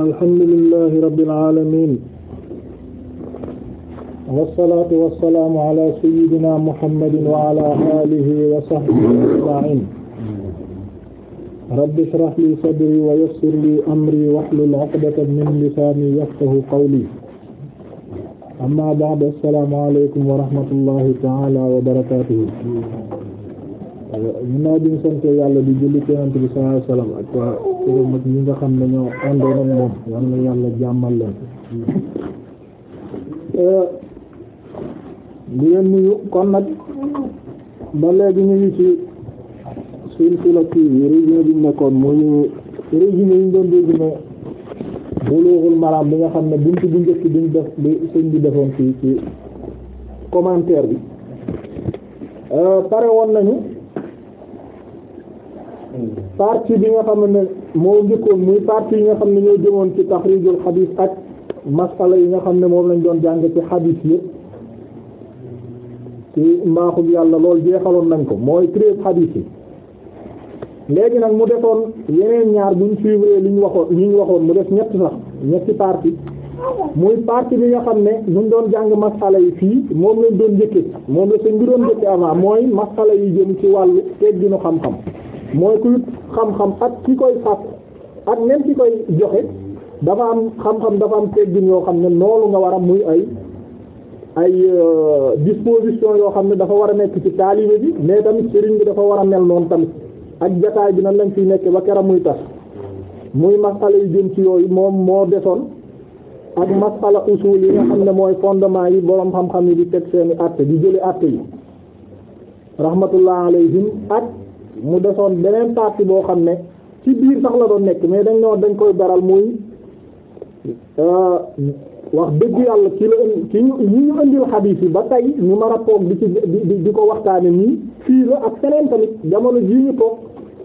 alhamdulillahi rabbil aalamiin wassalaatu wassalaamu ala sayyidina muhammadin wa ala aalihi wa sahbihi ajma'iin rabbi shrah li sadri wa yassir li amri wahlul uqdatan min lisaani yafqahu qawli amma ba'du assalaamu alaykum wa rahmatullahi ta'ala wa barakaatuhu ginnaaw bi ñu sant yàlla di julli ci Yonent bi sallallahu alayhi wasallam ak waa këram ak ñi nga xam ne ñoo àndoon ak moom yal na yàlla jàmmal leen eh, di leen nuyu kon nag ba léegi ñu ci silsilati résumé bi nekkoon muy yi ñu doon résumé Bulughul Maram bi nga xam ne buntu bu njëkk bi ñu def bi sëñ bi fii ci commentaire bi eh, pare woon nañu partie bi nga xam ne moo njëkkoon muy partie yi nga xam ne ñoo jëmoon ci taxrijul xadiis ak masala yi nga xam ne moom lañ doon jàng ci xadiis yëpp ci mbaaxum yàlla lool jeexaloon nañ ko mooy treize yi léegi nag mu defoon yeneen ñaar buñ suivre li ñu waxoon ñi ñu waxoon mu def ñett sax ñetti partie muy partie bi nga xam ne ñu doon jàng masala yi fii moom lañ doon njëkke moom la sëñ bi doon njëkke avant mooy masala yi jëm ci wàllu tegginu xam-xam mooy kuy xam-xam ak ki koy fàkk ak même ki koy joxe dafa am xam-xam dafa am teggin yoo xam ne noonu nga war a muy ay ay euh, disposition yoo xam ne dafa war a nekk ci taalibe bi mais tamit sëriñ bi dafa war a mel noonu tamit ak jataay bi nan lañ fi nekk ba kera muy tas muy masala yu jëm ci yooyu moom moo desoon ak masala usul yi nga xam ne mooy fondement yi boroom xam-xam yi di teg seeni àtte di jële àtte yi rahmatullah alayhim ak mu desoon beneen partie boo xam ne ci biir sax la doon nekk mais dañ ne dañ koy daral muy euh, wax dëgg yàlla ki la ki ñu ñi ñu indil xadiis yi ba tey ñu mën a toog di ci di di ko waxtaane nii fii la ak feneen tamit jamono jii ñu toog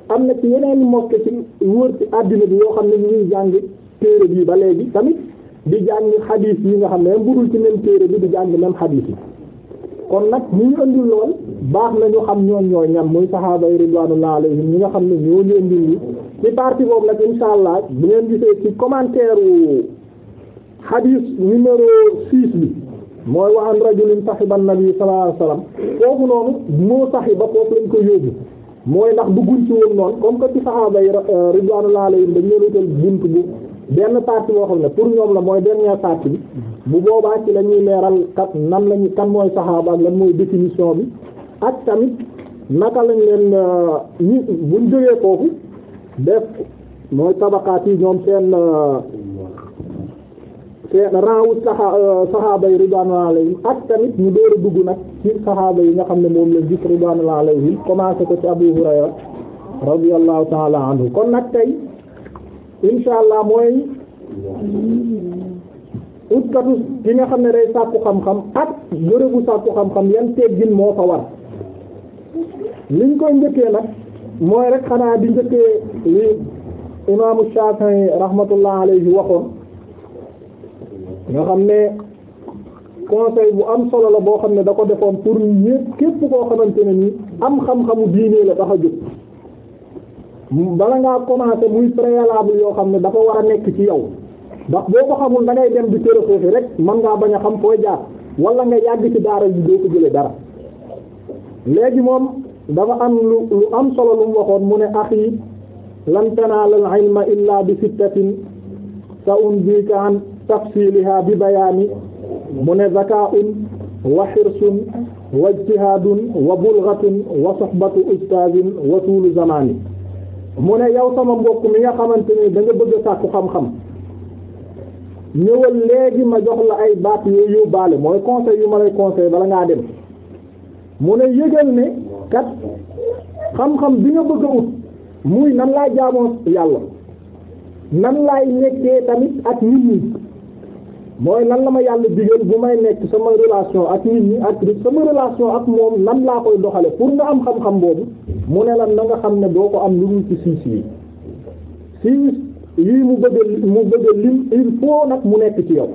am na ci yeneen mosquée ci wër ci àddina bi yoo xam ne ñu ngi jàng téere bii ba léegi tamit di jàng xadiis yi nga xam ne budul ci même téere bi di jàng même xadiis yi kon nag ñu ñu lool baax na ñu xam ñoom ñooy ñam muy saxaaba yi ridwaanullaahi alayhim ñi nga xam ne ñoo ñu indi lii ci partie boobu nag insha allah bu ngeen gisee ci commentaire u hadith numéro six bi mooy wa an rajulin sahiban nabi sallallahu alayhi wasallam foofu noonu moo sahiba foofu lañ ko yóbbu mooy ndax dugguñ ci woon noonu comme que ci saxaaba yi ridwaanullaahi alayhim dañ leen wutal bunt bu benn partie boo xam ne pour ñoom la mooy dernière partie bi bu boobaa ci la ñuy leeral kat nan lañuy kan mooy saxaaba ak lan mooy définition bi ak tamit naka lañ leen euh, ñi buñ jógee foofu def mooy tabakaat yi ñoom seen euh, seen rang wu saxa euh, saxaaba yi ridwaanullah alayhim ak tamit ñu door dugg nag ci saxaaba yi nga xam ne moom lañ gis ridwaanullah alayhim commencé ko ci Abu Hurayra radiyallahu ta'ala anhu kon nag tey insha allah mooy utkatu ki nga xam ne day sàkku xam-xam ak bërëbu sàkku xam-xam yan teggin moo fa war liñ koy njëkkee nag mooy rek xanaa di njëkkee li imaamu Shafi'i rahmatullah alayhi waxoon nga xam ne conseil bu am solo la boo xam ne da ko defoon pour ñépp képp koo xamante nii am xam-xamu diine la tax a jóg bala ngaa commencer muy préalable yoo xam ne dafa war a nekk ci yow ndax boo ko xamul da ngay dem di tërëxooxi rek mën ngaa bañ a xam fooy jaar walla nga yàgg ci daara bi doo ko jële dara léegi moom dafa am lu lu am solo lu mu waxoon mu ne axi lan tanaalu al-ilma illaa bi sittatin sa unbika tafsiliha bi bayaani mu ne zakaa'un wa hirsun wa ijtihaadun wa bulghatun wa suhbatu ustaazin wa tuulu zamaani mu ne yow sama mbokk mi nga xamante ni danga bëgg a sàkku xam-xam ñëwal léegi ma jox la ay baat yu baale mooy conseil yu ma lay conseil bala ngaa dem mu ne yëgal ne kat xam-xam bi nga bëgg a ut muy nan laay jaamoo yàlla nan laay nekkee tamit ak nit ñi mooy nan la ma yàlla digal bu may nekk sama relation ak nit ñi ak sama relation ak moom nan laa koy doxale pour nga am xam-xam boobu mu ne lan na xam ne doo ko am lu dul ci siis yi siis yii mu bëgg mu bëgg lim il faut nag mu nekk ci yow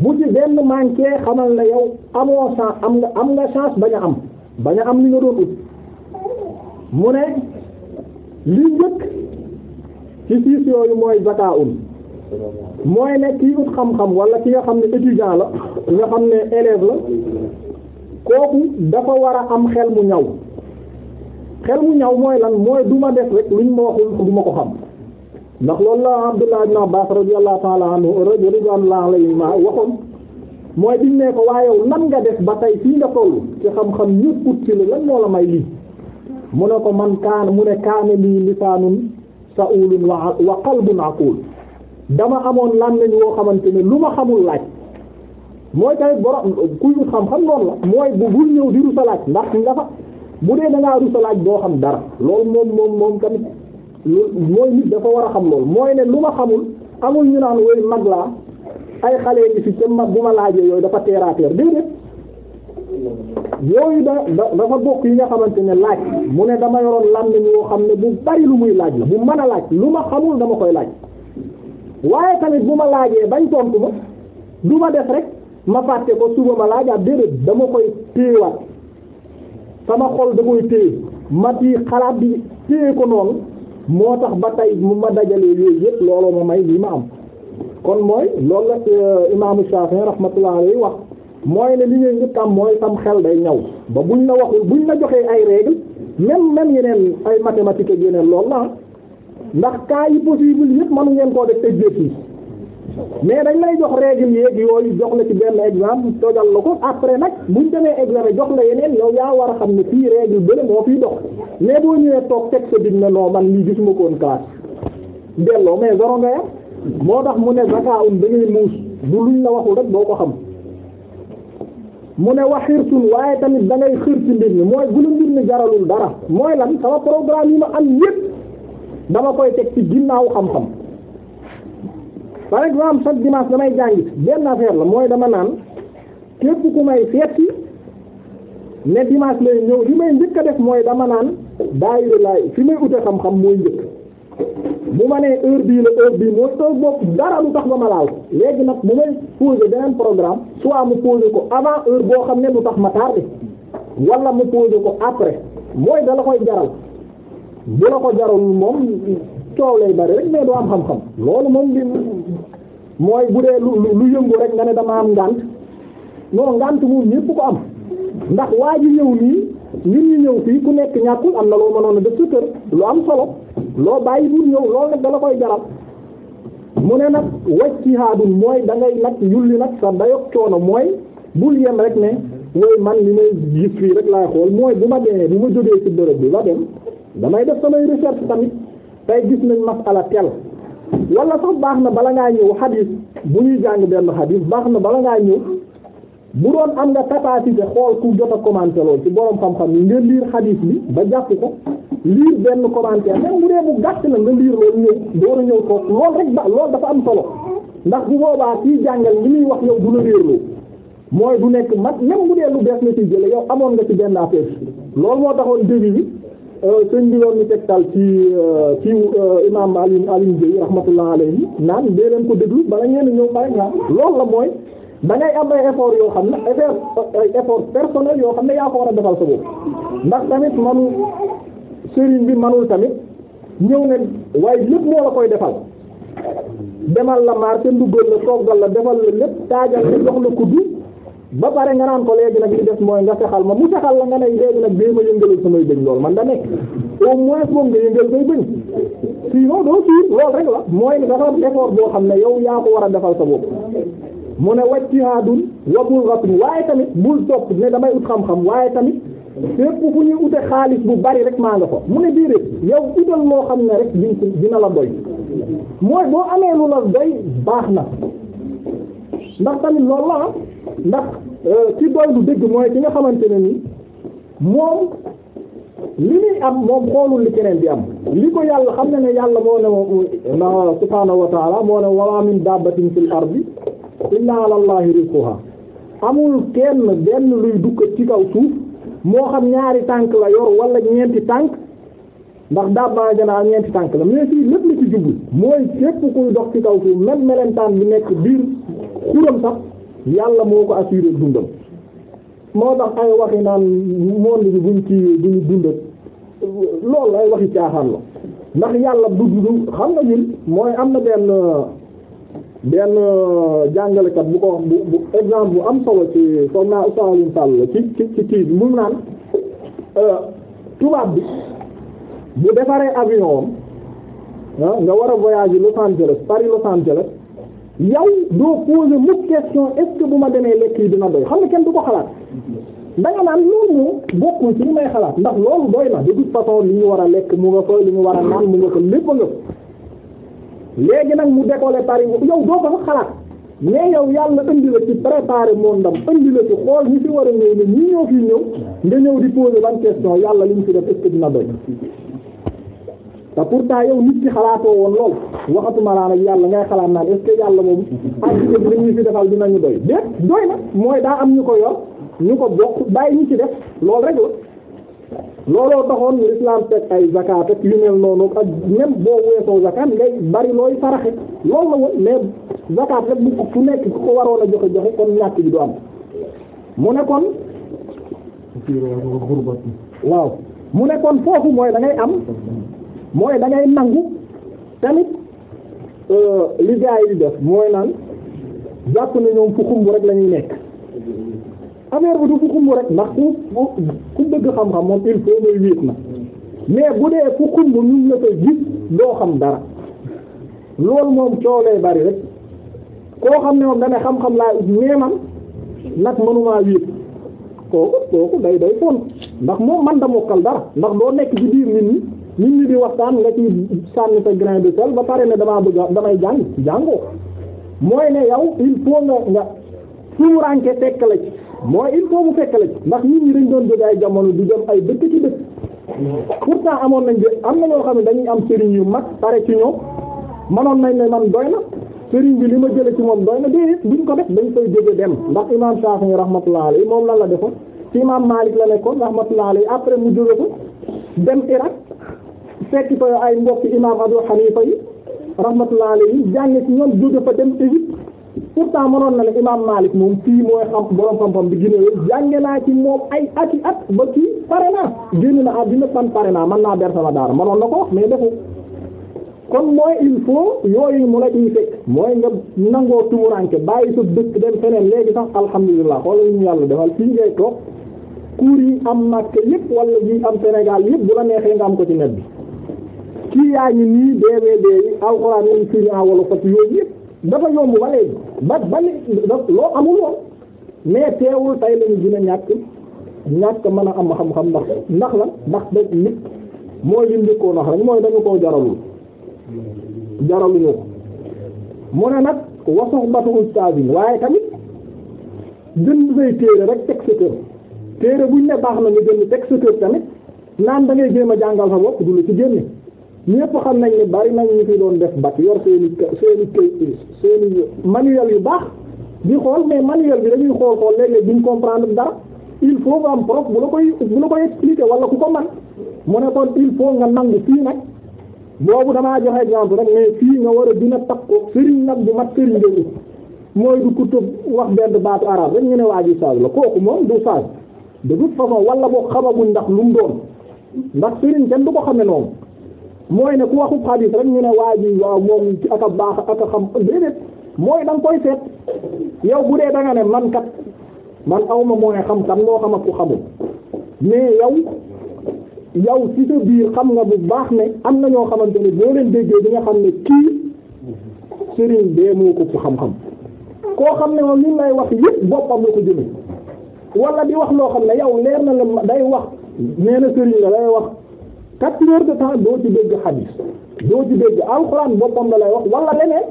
bu ci benn manqué xamal na yow amoo chance am nga am nga chance bañ a am bañ a am li nga doon ut mu ne li njëkk ci siis yooyu mooy zakaawul mooy ne kii ut xam-xam wala ki nga xam ne étudiant la nga xam ne élève la kooku dafa war a am xel mu ñaw xel mu ñaw mooy lan mooy du ma def rek luñ ma waxul du ma ko xam ndax loolu la Abdullah ibn Abbas radiyallahu ta'ala anhu radiyallahu alayhi ma waxoon mooy biñ ne ko waaye yow lan nga def ba tey fii nga tollu ci xam-xam ñëpp ut ci lan moo la may lii mu ne ko man kaan mu ne kaana lii lisaanun sa'ulun wa qalbun aqul dama amoon làmmiñ woo xamante ne lu ma xamul laaj mooy tamit borom kuy xam-xam noonu la mooy bu bul ñëw di rusalaaj ndax nga fa mu dee da ngaa rusalaaj doo xam dara loolu moom moom moom tamit mooy nit dafa war a xam loolu mooy ne lu ma xamul amul ñu naan wooyu mag laa ay xale yi fi ca mag bu ma laajee yooyu dafa teer a teer déedéet yooyu da da dafa bokk yi nga xamante ne laaj mu ne dama yoroon làmmiñ woo xam ne bu bari lu muy laaj la bu mën a laaj lu ma xamul dama koy laaj waaye tamit bu ma laajee bañ tontu ma du ma def rek ma fàtte ko suba ma laajaat ah, déedéet dama koy téewaat sama xol da koy téye ma di xalaat bi téye ko noonu moo tax ba tey mu ma dajalee yooyu yëpp looloo ma may li ma am kon mooy lool la euh, imaamu Shafi'i rahmatullah alayhi wax mooy ne li ngay njëkk am mooy sam xel day ñaw ba buñ la waxul buñ la joxee ay règle même même yeneen ay mathématiques ak yeneen loolu ndax cas yi possible yëpp mënu ngeen koo def exercice mais dañ lay jox règle yeeg yooyu jox la ci benn exemple tojal la ko après nag buñ demee examen jox la yeneen yow yaa war a xam ne fii règle bële moo fiy dox mais boo ñëwee toog teg sa na noo man lii gis ma koon classe delloo mais zoro nga yam moo tax mu ne zakaawun da ngay muus du luñ waxul rek boo ko xam mu ne wax wa xirtun waaye tamit da ngay xër ci mbir mi mooy bu la mbir mi jaralul dara mooy lan sama programme yi ma am yépp dama koy teg ci ginnaaw xam-xam par exemple chaque dimanche damay jàngi benn affaire la mooy dama naan képp ku may seeti ne dimanche lay ñëw li may njëkk a def mooy dama naan daayira laay fi may ute xam-xam mooy njëkk bu ma nee heure bii la heure bii moo tax bopp dara lu tax ba ma laal léegi nag bu may poser beneen programme soit mu poser ko avant heure boo xam ne lu tax ma tardé wala mu poser ko après mooy dala koy jaral bu la ko jarul moom coow lay bari rek mais doo am xam-xam loolu moom bi mooy bu dee lu lu yëngu rek nga ne dama am ngànt non ngànt moom ñépp ko am ndax waa ji ñëw nii ñun ñu ñëw fii ku nekk ñàkkul am na loo mënoon a def sa kër lu am solo loo bàyyi pour ñëw loolu nag dala koy jaral mu ne nag wajtihaadun mooy da ngay nag yulli nag sa dayok coono mooy bul yem rek ne mooy man li may gis fii rek laay xool mooy bu ma demee bu ma jógee ci bërëb bi ba dem damay def samay recherche tamit tey gis nañ masala tel wala sax baax na bala ngaa ñëw xadiis bu ñuy jàng benn xadiis baax na bala ngaa ñëw bu doon am nga capacité xool ku jot a commenté lool ci borom xam-xam yi nga liir xadiis bi ba jàpp ko liir benn commentaire même bu dee bu na nga liir loolu ñëw door ñëw toog loolu rek ba loolu dafa am solo ndax bu boobaa jàngal li muy wax yow du la réerloo mooy du nekk mat même bu dee lu bees na ci jële yow amoon nga ci benn affaire loolu moo taxoon début bi Euh, sëñ bi doon ñu tegtal ci euh, ci euh, imam Alioune Alioune Guèye rahmatullah alayhi naan dee leen ko déglu bala ngeen ñëw par exemple loolu la mooy da ngay am ay effort yoo xam ne effort effort personnel yoo xam ne yaa ko war a defal sa bopp ndax tamit manu sëriñ bi manul tamit ñëw ne waaye lépp moo la koy defal demal la marché ndugal la toggal la defal la lépp taajal la jox la kuddu ba pare nga naan ko léegi nag li des mooy nga fexal ma mu fexal la nga ne léegi nag dee ma yëngalul samay bëñ lool man da nekk au moins moom nga yëngal say bëñ sinon doo siir lool rek la am boo xam ne yow yaa ko war a defal sa bopp mu ne wajtihaadun wa bulghatun waaye tamit bul topp ne damay ut xam-xam waaye tamit fépp fu ñuy ute xaalis bu bari rek maa nga fa mu ne déedéet yow utal moo xam ne rek dina la doy mooy boo amee lu la doy baax na ndax tamit loolu la ah. ndax euh, ci doylu dëgg mooy ki nga xamante ne ni moom li muy am moom xoolul li keneen di am li ko yàlla xam na ne yàlla moo ne moom subhaanahu wa ta'ala moo ne wa ma min dabbatin fil ardi illa ala allahi amul kenn benn luy dukkat ci kaw suuf moo xam ñaari tànk la yor wala ñeenti tànk ndax dabbaa a ñeenti tànk la mais fii lépp la ci jublu mooy képp kuy dox ci kaw suuf même melentaan bi nekk biir xuram sax yàlla moo ko assuré dundam moo tax ay waxi naan monde bi buñ ci buñu dundal loolu ay waxi caaxaan la ndax yàlla du dund xam nga ñun mooy am na benn benn jàngalekat bu ko wax bu exemple bu am solo ci comme naa Saalum Sall la ci ci ci kii bi mu naan euh, tubaab bi bu defaree avion am ah, nga war a voyager Los Angeles Paris Los Angeles yow doo poser mukk question est bu ma demee lekk yi dina doy xam ne kenn du ko xalaat da nga naan loolu moom bokkul ci li may xalaat ndax loolu doy na de toute façon li ñu war a lekk mu nga ko li ñu war a naan mu nga ko lépp nga léegi nag mu décoller pari yow doo ko fa xalaat mais yow yàlla indi la ci préparer moom ndam indi la ci xool ñi fi war a ñëw ne ñi ñoo fi ñëw nga ñëw di poser ban question yàlla li ñu fi def est-ce que dina doy te pourtant yow nit ki xalaatoo woon lool waxatuma laa nag yàlla ngay xalaat naan est ce yàlla moom activité bi dañuy fi defal dinañu doy déet doy na mooy daa am ñu ko yor ñu ko bokk bàyyi ñu ci def loolu rek la looloo taxoon l'islam teg ay zakat ak yu mel noonu ak même boo weesoo zakat ngay bari looy saraxe loolu la woon mais zakat rek bu ku nekk ku ko waroon a joxe joxe kon ñàkk bi du am mu ne waaw mu ne foofu mooy da am mooy dangay nangu tamit euh, li gars yi def mooy naan jàpp na ñoom fu xumb rek la ñuy nekk affaire bi du fu xumb rek ndax ku ku bëgg xam-xam moom il faut muy wiit na mais bu dee fu xumb ñun la ko gis doo xam dara loolu moom coow lay bari rek koo xam ne moom dana xam-xam laa ut mais man nag mënumaa wiit kooku kooku day day fon ndax moom man da mokkal dara ndax doo nekk ci biir nit ñi nit ñi di waxtaan nga ci sànni sa grand de sel ba pare ne damaa bëgg damay jàng jàngoo mooy ne yow il faut nga nga suuranke fekk la ci il faut mu fekk la ci ndax nit ñi dañ doon jóge ay jamono di dem ay dëkk ci dëkk pourtant amoon nañ jë am na ñoo xam ne dañuy am sëriñ yu mag pare ci ñoom manoon nañ ne man doy na sëriñ bi li ma jële ci moom doy na déedéet buñ ko def dañ koy jóge dem ndax imam Shafi'i rahmatullah alayhi moom lan la defoon ci imam Malik la nekkoon rahmatullah alayhi après mu jóge ko dem Irak fekk fa ay mbokk imam Abu Hanifa yi rahmatullah alayhi jànge ci ñoom jóge fa dem Égypte pourtant mënoon na ne imam Malik moom fii mooy xam borom xam-xam bi gënee jànge naa ci moom ay ati at ba kii pare naa génn na àddina fan pare naa man naa ber sama daara mënoon na ko wax mais defu kon mooy il faut yooyu mu la ciy fekk mooy nga nangoo tumuranke bàyyi sa dëkk dem feneen léegi sax alhamdulilah xoolal ñu yàlla defal fii ngay toog cours yi am Makka yëpp wala yi am Sénégal yëpp bu la neexee nga am ko ci net bi kii yaa ngi nii DVD yi alxuraan yi ci naa wala fat yooyu yëpp dafa yomb ba léegi ba ba loo amul woon mais teewul tey lañu gën a ñàkk ñàkk mën a am xam-xam ndax ndax la ndax da nit mooy lim di ko ndax rek mooy dañu koo jaralul jaraluñu ko mu ne nag wasox batu ustaas yi waaye tamit jënd say téere rek teg sa kër téere buñ ne baax na nga jënd teg sa kër tamit naan da ngay jéem a jàngal sa bopp du la ci génne ñépp xam nañ ne bari nañ ñu fi doon def bac yor seeni seeni kay seeni manuel yu baax gi xool mais manuel bi dañuy xool xool léeg-léeg duñ comprendre dara il faut nga am prof bu la koy bu la koy expliquer wala ku ko man mu ne kon il faut nga nangu fii nag boobu damaa joxe exemple rek mais fii nga war a dina takku sëriñ nag bu mat sëriñ de mooy du ku tëb wax benn baatu arabe rek ñu ne waa ji sage la kooku moom du sage de toute façon wala boo xamaguñ ndax lu mu doon ndax sëriñ kenn du ko xame noonu mooy ne ku waxu xadiis rek ñu ne waa ji waaw moom ci ak a baax ak a xam déedéet mooy da nga koy seet yow bu dee da nga ne man kat man awma mooy xam kan moo xam ak ku xamul mais yow yow ci sa biir xam nga bu baax ne am na ñoo xamante ne boo leen déggee di nga xam ne kii sëriñ bee moo ko ëpp xam-xam koo xam ne moom li lay wax yëpp boppam la ko jëme wala di wax loo xam ne yaw leer na la day wax nee na sëriñ la day wax quatre heures de temps doo ci dégg xadiis doo ci dégg alxuraan boppam la lay wax wala leneen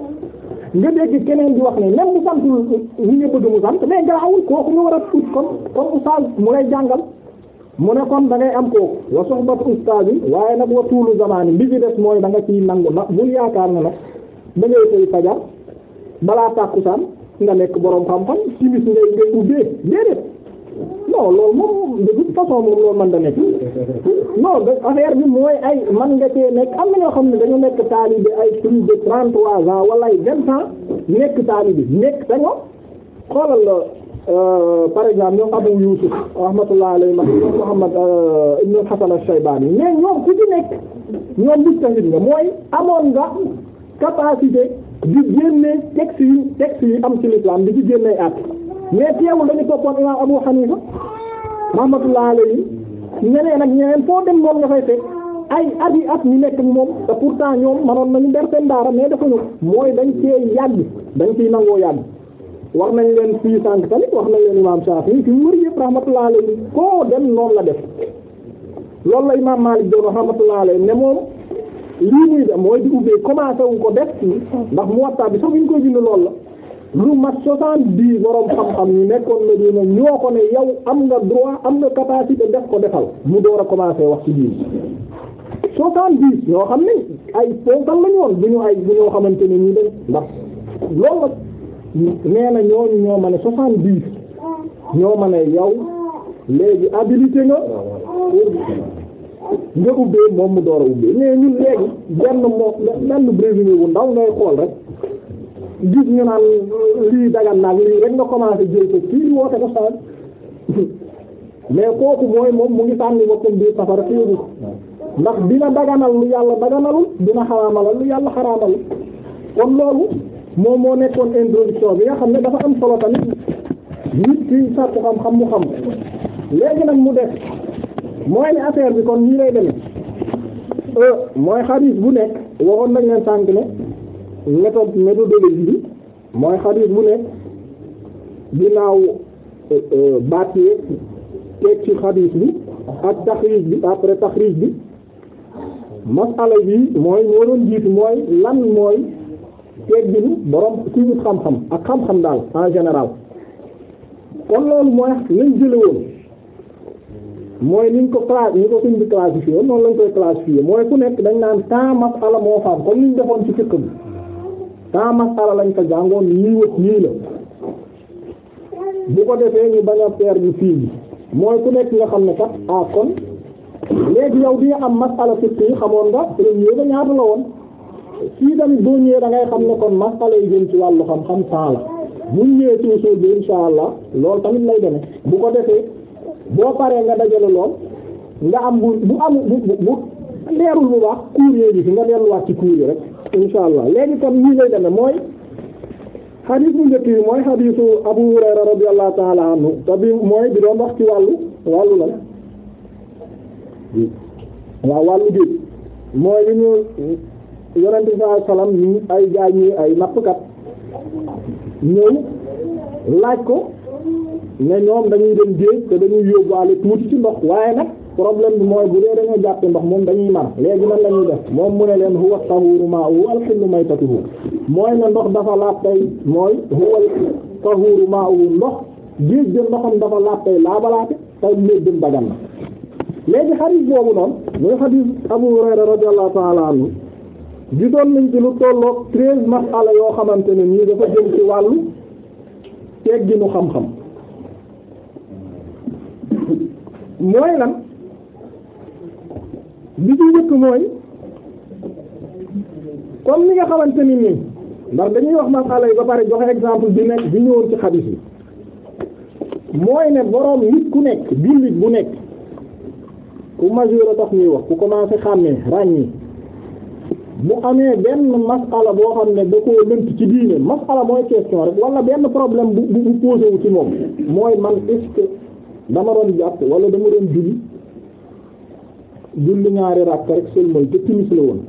nga dégg keneen di wax ne même mu sant ñi nga bëgg mu sant mais garaawul kooku nga war a ut comme comme oustaz mu lay jàngal mu ne kon da ngay am kooku wa soxbat oustaz yi waaye nag wa tuulu zamaani bi ci des mooy da nga ciy nangu na bul yaakaar ne nag da ngay koy fajar balaa tàkkusaan nga nekk boroom xam-xam timis ngay ngay ubbee déedéet non loolu moom de toute façon moom loolu man da nekk non affaire bi mooy ay man nga cee nekk am na ñoo xam ne dañoo nekk taalibe ay plus de trente trois ans ay vingt ans nekk taalibe nekk dañoo xoolal euh, par exemple ñoom Abu Yusuf rahmatullah alayhi ñoom Muhammad euh, ibn Hasan al-Shaybani mais ñoom ku ci nekk ñoom mujtahid nga mooy amoon nga capacité di génne texte yi texte yi am ci l'islam di ci génne at mais teewul dañu toppoon imaam Abu Hanifa rahmatullah alayhi ñeneen ak ñeneen foo dem moom nga fay fekk ay at yi at ñu nekk moom te pourtant ñoom manoon nañu ber seen daara mais defuñu mooy dañ cee yàgg dañ ciy nangoo yàgg wax nañ leen fii sànq tamit wax nañ leen imaam Shafi'i fi mu wër yëpp rahmatullah alayhi koo dem noonu la def loolu la imaam Malik doon rahmatullah alayhi ne moom lii muy def mooy di ubbee commencé wu ko def ndax mu Muwatta bi sax ñu koy bind loolu la. lu mat soixante-dix borom xam-xam ñu nekkoon Medina ñoo ko ne yow am na droit am nga capacité def ko defal mu door a commencé wax ci diine soixante-dix ñoo xam ne ay ponkal lañu woon bu ñu ay bu ñoo xamante ne ñu dem ndax loolu nee na ñooñu ñoo ma ne soixante-dix ñoo ma ne yow léegi habilité nga nga ubbee moom mu door a ubbee mais ñun léegi benn moo benn brésilien bu ndaw ngay xool rek gis ñu naan euh, lii dagan lii rek nga commencé jël kii woote ko saan mais kooku mooy moom mu ngi sànni boppam biir safara téegu ko ndax dina daganal lu yàlla daganalul dina xaraamalal lu yàlla xaraamal kon loolu moom moo nekkoon introduction bi nga xam ne dafa am solo tamit nit ki sàkku xam-xam mu xam léegi nag mu def mooy ne affaire bi kon nii lay demee euh, mooy xarit bu nekk waxoon nañ leen sànq ne méthode méthodologie bi mooy xadis bu nekk ginnaaw euh, euh, baat yeeg teg ci xadis bi ak taxriij bi après taxriij bi masala bi mooy moo doon jiitu mooy lan mooy tegginu borom ci ñu xam-xam ak xam-xam daal en général kon loolu mooy lañ jële woon mooy niñ ko cla ni ko suñ bi classifié woon noonu lañ koy classifié mooy ku nekk dañ naan temps masala moo faam comme niñ defoon ci fiqh bi sans masala lañ ko jàngoon lii wëg nii la bu ko defee ñu bañ a perdre fii bi mooy ku nekk nga xam ne kat ah kon léegi yow di nga am masala fiq xamoon nga premier ba la woon fii tamit boo ñëwee da ngay xam ne kon masala yi jëm ci wàllu xam-xam sans la buñ ñëwee toujours bi insha allah loolu tamit lay deme bu ko defee boo paree nga dajale lool nga am bu bu am bu bu leerul bu baax cours yi nga delluwaat ci cours yi rek insha allah léegi kon nii lay demee mooy xadiis bu njëkk bi mooy xadiisu Abu Hurayra radiyallahu ta'ala anhu te bi mooy bi doon wax ci wàllu wàllu la waaw wàllu géej mooy li ñu yonente bi sallallahu alayhi wasallam ay jaay ñi ay nappkat ñëw laaj ko ne ñoom dañuy dem géej te dañuy yóbbaale tuuti ci ndox waaye nag problème bi mooy bu dee dañoo jàpp ndox moom dañuy mar léegi nan la ñuy def moom mu ne leen huwa tahuru ma'u wal hillu maytatuhu mooy na ndox dafa laab tey mooy huwa tahuru ma'u ndox géej de ndoxam dafa laab tey laabalaate tey méddum dagan na léegi xadiis boobu noonu muy xadiis Abu Hurayra radiyallahu ta'ala anhu gisoon nañ ci lu tolloog treize masala yoo xamante ne ñu dafa jëm ci wàllu tegginu xam-xam mooy lan li ci njëkk mooy comme ni nga xamante ni nii ndax dañuy wax masala yi ba pare joxe exemple bi nekk bi ñëwoon ci xadis yi mooy ne boroom nit ku nekk jullit bu nekk ku majeur a tax ñuy wax ku commencé xàmmee ràññi bu amee benn ala boo xam ne da koo lënt ci diine masala mooy question rek wala benn problème bu bu posé ci moom mooy man est-ce que dama doon jàpp wala dama doon julli julli ñaari rakk rek sëlmal te timis la woon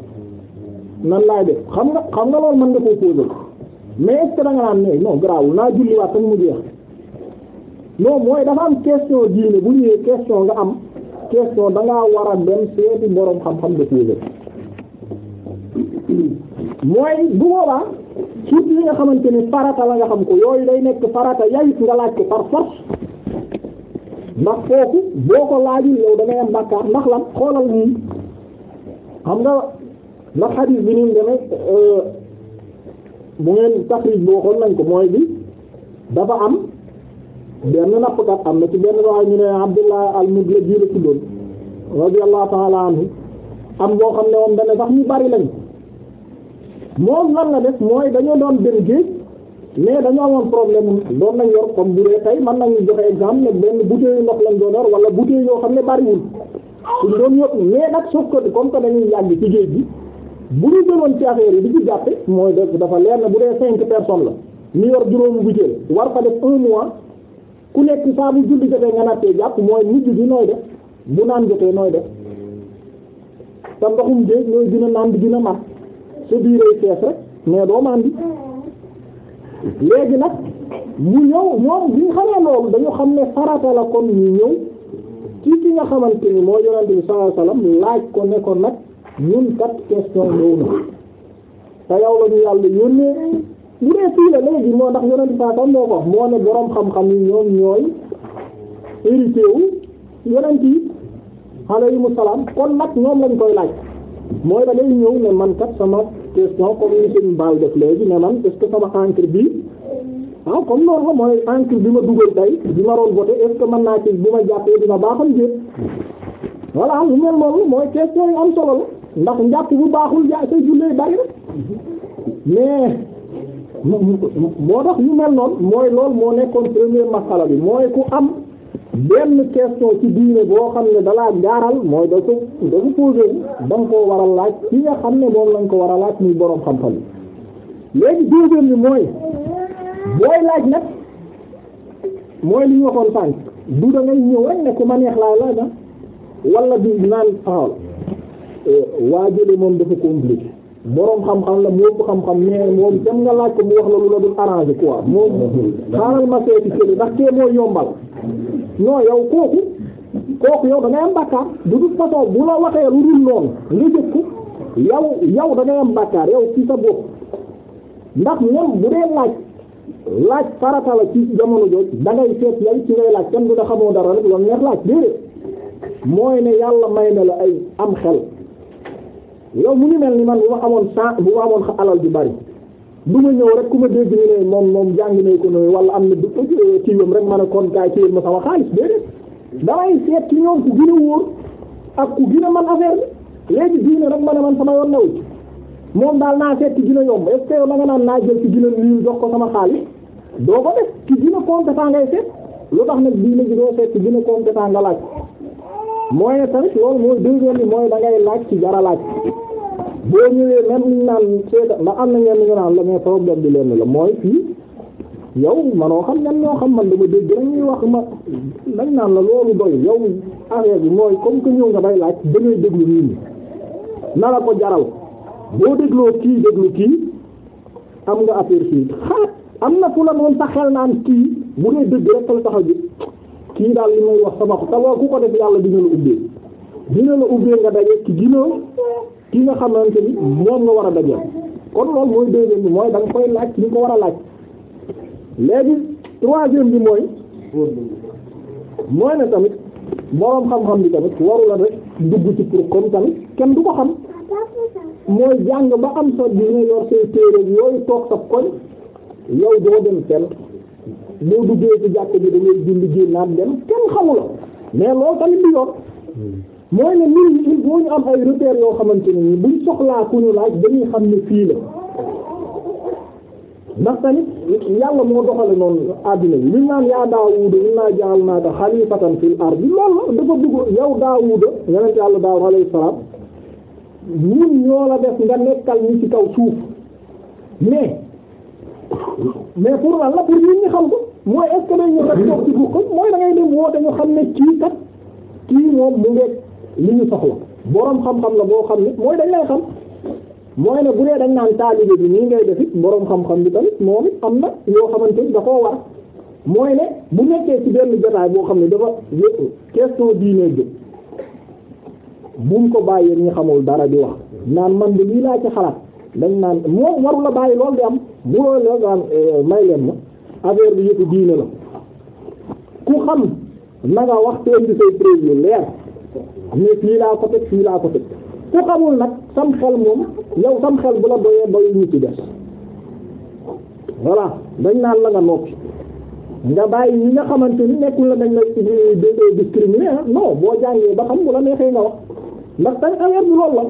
nan laay def xam nga xam nga loolu mën nga koo posé mais est-ce que da nga naan naa julliwaat tam mu jeex non mooy dafa am question diine bu ñëwee question nga am question danga war a dem seeti boroom xam-xam de posé mooy bu boobaa suuf yi nga xamante ne farata la nga xam ko yooyu day nekk farata yayit nga laaj ko ndax foofu boo ko laajul yow da ngay am bàkkaar ndax lan xoolal nii xam nga ndax xadiis bi nii deme euh, bu ngeen taxriij boo nañ ko mooy bi dafa am benn nappkat am na ci benn waaye ñu ne Abdullah al-Mudlaj la tuddoon radiyallahu ta'ala anhu am boo xam ne moom dana sax ñu bari lañ moom lan la def mooy dañoo doon dem géej mais dañoo amoon problème doon nañ yor comme bu dee tey mën nañu joxe exemple ne benn bouteille ndox lañ doon yor wala bouteille yoo xam ne bariwul suñ doon yóbbu mais nag sauf que comme que bu ñu jëloon ci affaire yi di ci mooy def dafa leer na bu dee cinq personnes la ñu yor juróomi bouteille war fa def un mois ku nekk saa bu julli jotee nga nattee jàpp mooy mujj bi nooy def bu naan jotee nooy def te ndoxum géej ñooy dina naan bi dina mat sa biiree fees rek mais doo màndi léegi nag mu ñëw ñoom bi ñu xamee loolu dañu xam ne farata la kon ñu ñëw ci ki nga xamante ni moo yonent bi sallallahu alayhi wasallam laaj ko ne nag ñun kat question ñëw na te yow la ñu yàlla yónnee bu dee fii la ko moo ne boroom xam-xam yi ñoom ñooy hérité wu yonent salaam kon nag ñoom lañ koy laaj mooy da ngay ñëw ne man kat sama question comme ni seen mbaal def léegi ne man sama encre bi ah comme noonu la mooy bi ma dugal tey bi ma doon voté est-ce que mën naa ci bu ma jàppee dina baaxal njëkk voilà lu mel noonu mooy question yu am solo la ndax njàpp bu baaxul ja say jullee bari rek mais moo tax moo nekkoon premier benn question ci diine boo xam ne dalaa jaaral mooy da ko da ko da nga koo war a laaj ki nga xam ne moom lañ ko war a laaj muy boroom xam-xam yi léegi deuxième bi mooy booy laaj nag mooy li ñu waxoon sànq du da ngay ñëw rek ne ku ma neex laa laaj ah, wala bi naan xawal waa jële moom dafa compliqué boroom xam-xam la moom xam-xam mais moom dem nga laaj ko mu wax la lu la dul arrangé quoi moom xaaral ma seeti këri ndax kee mooy yombal non yow kooku kooku yow da am bàkkaar de toute façon bu la waxee lu dul noonu nga jëf ko yow yow da ngay am bàkkaar yow ci sa bopp ndax moom bu dee laaj laaj farata la ci jamono jooj da ngay seet yow ci ngay laaj kenn du da xamoo dara rek loolu neex laaj déedéet mooy ne yàlla may na la ay am xel yow mu ngi mel ni man bu ma amoon cent bu ma amoon alal ju bari bu ma ñëw rek ku ma dégg ne moom moom jàng nañ ko noonu wala am na du euh, kiiwam rek ma ne kon kaay kiiwam ma sama xaalis déedéet damay seet ci ñoom ku gën a wóor ak ku gën a man affaire bi léegi diine rek ma ne man sama yoon na wut moom daal naa seet ci gën a yomb est-ce que yow da nga naan naa jël ci gën a ko sama xaalis doo ko def ci gën a compétent ngay seet lu tax nag diine ji doo seet ci gën a compétent nga laaj mooy tamit loolu mooy deuxième laaj ci jara laaj. boo ñëwee même naan seeta ndax am na ñenn ñu naan la mais problème bi lenn la mooy fii yow manoo xam ñan ñoo xam man dama dégg ñuy wax ma dañ naan la loolu doy yow affaire bi mooy comme que ñëw nga bay laaj da ngay déglu nit ñi na la ko jaral boo dégloo kii déglu kii am nga aperçu xaat am na fu la noonu sa xel naan kii bu dee dëgg rek la tax a jóg kii daal li may wax sama ko te loolu ku ko def yàlla dina la ubbee dina la ubbee nga daje ci ginnaaw ki nga xamante ni moom nga war a dajeel kon loolu mooy deuxième bi mooy danga koy laaj li nga ko war a laaj léegi troisième bi mooy mooy na tamit boroom xam-xam bi tamit waru la rek dugg ci pour comme tamit kenn du ko xam mooy jàng ba am sa bi nga yor say téere yooyu toog sa koñ yow doo dem fenn boo duggee ci jàkk bi da ngay julli génnaat dem kenn xamula mais loolu tamit du yor mooy ne mbir mi boo ñu am ay repères yoo xamante ne nii buñ soxlaa ku laaj dañuy xam ne fii la ndax tamit yàlla moo doxale noonu àddina bi liñ naan yaa Daawuda innaa ja'alnaaka xalifatan fil ardi loolu dafa bëgg yow Daawuda yonent yàlla Daawuda alayhi salaam ñun ñoo nga nekkal ñu ci kaw suuf mais mais pour lan na pour ñun ñi xam ko mooy est-ce dañu xam ne kii kat kii moom mu ngeeg. li ñu soxla borom xam-xam la boo xam ne mooy dañ lay xam mooy ne bu dee dañ naan taalibe bi nii ngay def it borom xam-xam bi tamit moom it am na yoo xamante ni da koo war ne bu nekkee benn jotaay boo xam ne dafa question diine jóg bu mu ko bàyyee ñu xamul dara di wax naan man de lii laa ci xalaat dañ naan moom waru la bàyyi loolu di am bu loolu la euh, may leen ma affaire bi yëpp diine la ku xam na wax teen di say prévisions leer. mais fii laa ko teg fii laa ko teg ku xamul nag sam xel moom yow sam xel bu la doyee doyul ñu ci des voilà dañ naan la nga noppi nga bàyyi ñu nga xamante ni nekkul la dañ la déggee discriminer ah boo jàngee ba xam bu la neexee nga wax ndax tamit affaire bi loolu la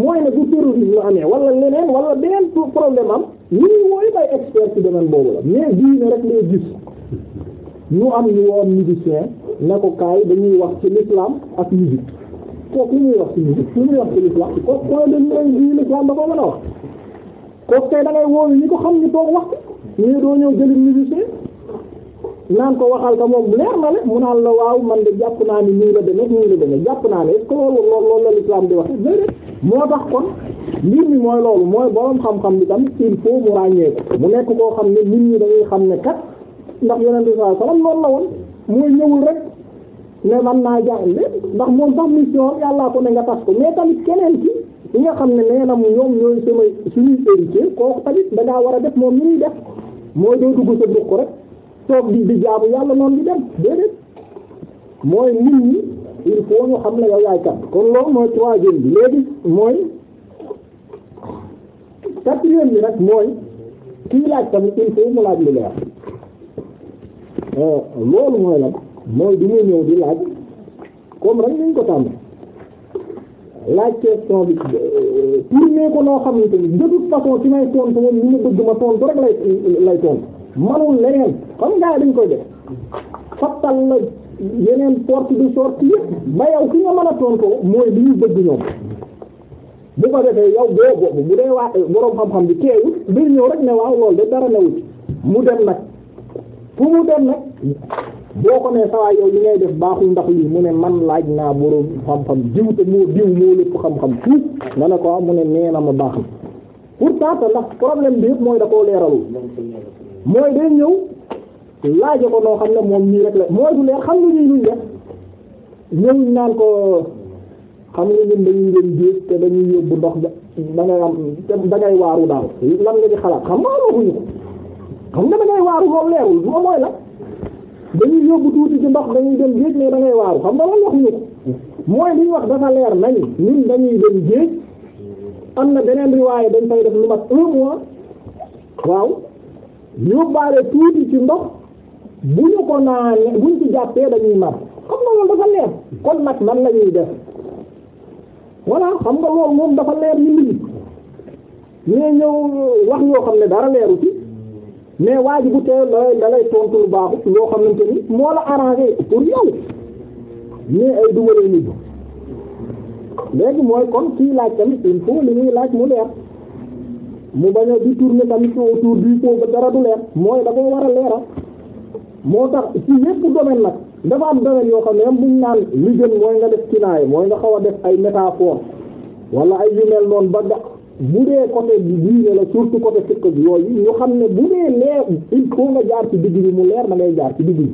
mooy ne bu terrorisme la amee wala leneen wala beneen problème am ñu ngi wooyu bay expert ci domaine boobu la mais diine rek ngay gis ñu am ñu woon musicien ne dañuy wax ci l'islam ak musique kooku lu ñuy wax ci musique lu ñuy wax ci l'islam kooku point de ko a wax kooku tey da ngay ko xam ñu toog wax ñii doo ñëw jëli musicien naan ko waxal ko moom leer na le mu naan la waaw man de jàpp naa ni nii la deme nii la jàpp naa ne est ko que loolu loolu la l'islam di wax moo tax kon mbir mi mooy loolu mooy borom xam-xam bi tam il faut mu ràññee mu nekk koo xam ne nit ñi dañuy xam ne kat ndax yeneen bi saa salaam la woon mooy ñëwul rek mais man naa jaar lépp ndax moom sax mission yàllaa ko ne nga tas ko mais tamit keneen ki li nga xam ne nee na mu ñoom ñooy samay suñuy héritier kooku tamit da war a def moom ni muy def mooy doo dugg sa dugg ko rek toog di di jaabu yàlla noonu di dem déedéet mooy nit ñi il faut ñu xam ne yow yaay kat kon loolu mooy troisième bi léegi mooy quatrième bi nag mooy kii laaj tamit il faut mu laaj lu leer loolu mooy lan mooy du nga ñëw di laaj comme rek nañ ko tàmm laaj question bi tourné euh, ko loo xam ni de toute façon ci may tontu moom ma bëgg ma tontu dañ koy def fattal la yeneen porte de sortie yëpp ba yow ki nga a tontoo mooy li ñu bëgg ñoom bu ko defee yow boo boobu bu dee waa boroom xam-xam bi teewul biir ñëw rek ne waaw loolu de dara newut mu dem nag fu mu dem na boo ko nee sawaay yow li ngay def baaxul ndax lii mu ne man laaj naa borom xam-xam diw te moo diw moo lépp xam-xam tuut ne ko ah mu ne nee na ma baax na pourtant te ndax problème mooy da koo leeralu mooy day ñëw laaje ko noo xam ne moom nii rek la mooy du leer xam nga ñuy luñ def ñëw naan ko xam nga ñun dañuy leen géej te dañuy yóbbu ndox da dangay am da ngay waaru daal lan nga ci xalaat xam nga amaguñu ko xam nga da ngay waaru moom leerul moom mooy la dañuy yóbbu tuuti ci ndox dañuy dem géej mais da ngay waaru xam nga loolu wax ñu mooy li ñu wax dafa leer nañ ñun dañuy dem géej am na beneen riwaaye dañ fay def lu mat un mois waaw yóbbaale tuuti ci ndox bu ñu ko naanee buñ ci jàppee dañuy mar xam nga loolu dafa leer kon nag nan la ñuy def voilà xam nga loolu moom dafa leer ñu nit ñi ñëw wax ñoo xam ne dara leer ci. mais waa ji bu teel looy da lay tontu lu baax loo xamante ni moo la arrangé pour yow mais ay dugalee nit léegi mooy kon kii laaj tamit il faut li muy laaj mu leer mu bañ a di tourner tamit autour du pot ba dara du leer mooy da koy war a leeral moo tax ci yépp domaine nag dafa am domaine yoo xam ne buñ naan li gën mooy nga def yi mooy nga xaw a def ay métaphore walla ay yu mel noonu ba ga bu dee côté bi diine la surtout côté fiqh bi yooyu ñu xam ne bu dee leer il faut nga jaar ci digg bi mu leer na ngay jaar ci digg bi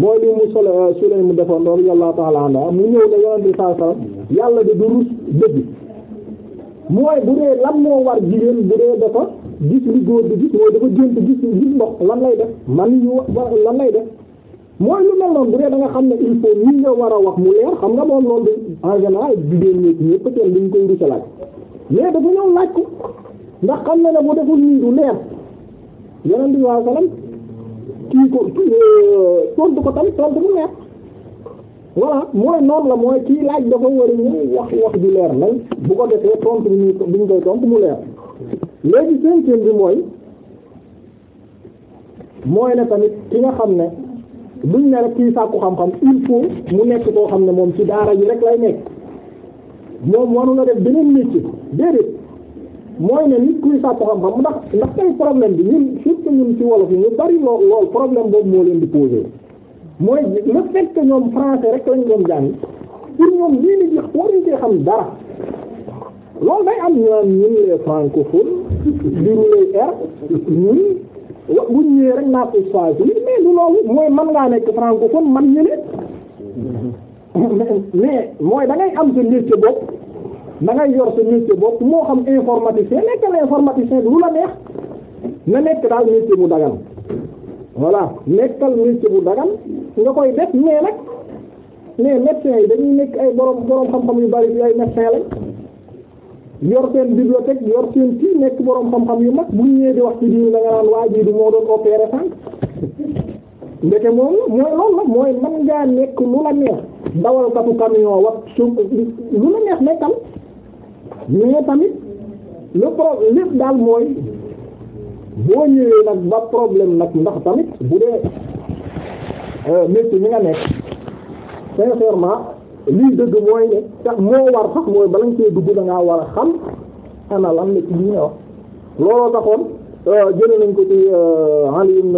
mooy li mu sol euh, sulen mu defoon radiyallahu ta'ala anha mu ñëw ne yonent bi sallallahu alayhi wasallam yàlla di du rus dëgg mooy bu dee lan moo war jigéen bu dee dafa gis li góor di gis mooy dafa gént gis gis ndox lan lay def man yu lan lay de mooy lu mel noonu bu dee da nga xam ne il faut ñi nga war a wax mu leer xam nga moom loolu en général jigéen ñi ñëpp seen dañ koy rusalaat mais dafa ñëw laaj ko xam na ne bu deful nii du yeneen bi waa salam kii ko euh, tontu ko tam tontu bu leer voilà mooy noonu la mooy kii laaj dafa war a wax wax leer nañ bu koy tontu mu leer léegi cinquième bi tamit ki nga xam ne buñ ne rek kii sàkku xam-xam il mu nekk koo xam ne moom ci daara ji rek lay nekk. moom waru na def beneen métier déedéet mooy ne nit kuy sàpp xam-xam ndax ndax tey problème bi ñun surtout ñun ci wolof yi ñu bari lool lool problème boobu moo leen di posé mooy le fait que ñoom français rek lañ doon jàng pour ñoom lii ni jox waruñ cee xam dara loolu day am ñaan ñun les francophones di rouler air ñun wa buñ ñëwee rek naa ko choisir mais du loolu mooy man ngaa nekk francophone man ñu ne mais mooy da ngay am sa métier bopp da ngay yor sa métier bopp moo xam informaticien nekkal informaticien lu la neex na nekk daal métier bu dagan voilà nekkal métier bu dagan nga koy def mais nag mais médecins yi dañuy nekk ay borom borom xam-xam yu bari ay médecins lañ yor seen bibliothèque yor seen kii nekk borom xam-xam yu mag bu ñu ñëwee di wax ci diir da nga waa ji du moo doon opéré sànq ndeke moom mooy loolu la mooy mën ngaa nekk lu la neex. dawalkatu camion wax su lu la neex nekkal mais tamit le problème lépp daal mooy boo ñëwee nag ba problème nag ndax tamit bu dee euh, métier mi nga nekk sincèrement lii dëgg mooy ne tax moo war sax mooy balañ see dugg da ngaa war a xam ana lan la ci lii nga wax looloo taxoon Euh, jëlee nañ ko ci euh, Ali ibn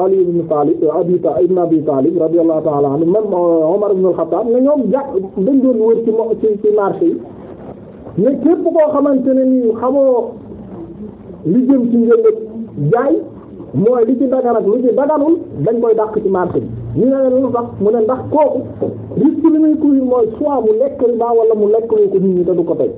Ali ibn Talib Abi ibn Abi Talib radiyallahu ta'ala anhu même euh, Omar ibn al-Khattab ne ñoom ci mo ci ci marché ne képp koo xamante ne nii xamoo li jëm ci njënd jaay mooy li ci dagan ak ci daganul dañ koy dàq ci marché bi ñu ne lu tax mu ne ndax kooku risque li muy courir mooy soit mu lekk riba wala mu lekk ko nit ñi te du ko tey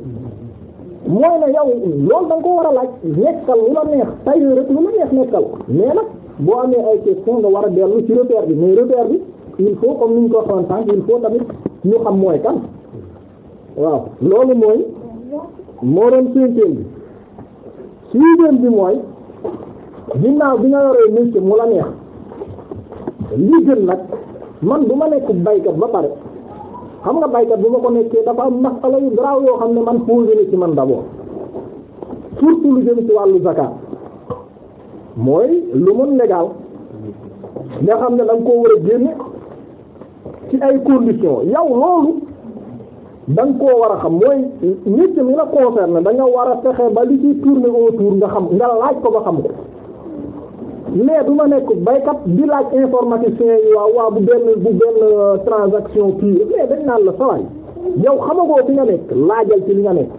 mooy na yow loolu da ko war a laaj nekkal lu la neex tailleur rek lu la neex nekkal mais nag boo amee ay question nga war a dellu ci repère bi mais repère bi il faut comme ni ñu ko waxoon sànq il faut tamit ñu xam mooy kan waaw loolu mooy moo doon cinquième bi sixième bi mooy ginnaaw bi nga yoree métier mu la neex lii gën nag man du ma nekk baykat ba pare. xam nga baykat bu ma ko nekkee dafa am masala yu garaaw yoo xam ne man posé na ci man d'abord surtout lu jëm ci wàllu zakat mooy lu mun légal nga xam ne da koo war a génne ci ay conditions yow loolu da koo war a xam mooy nit mi la concerne da nga war a fexe ba li ci tourner autour nga xam nga laaj ko ba xam ko mais du ma nekk baykat di laaj informaticien yi waaw waaw bu benn bu benn euh, transaction pure mais dañ naan la sawaay yow xamagoo fi nga nekk laajal ci li nga nekk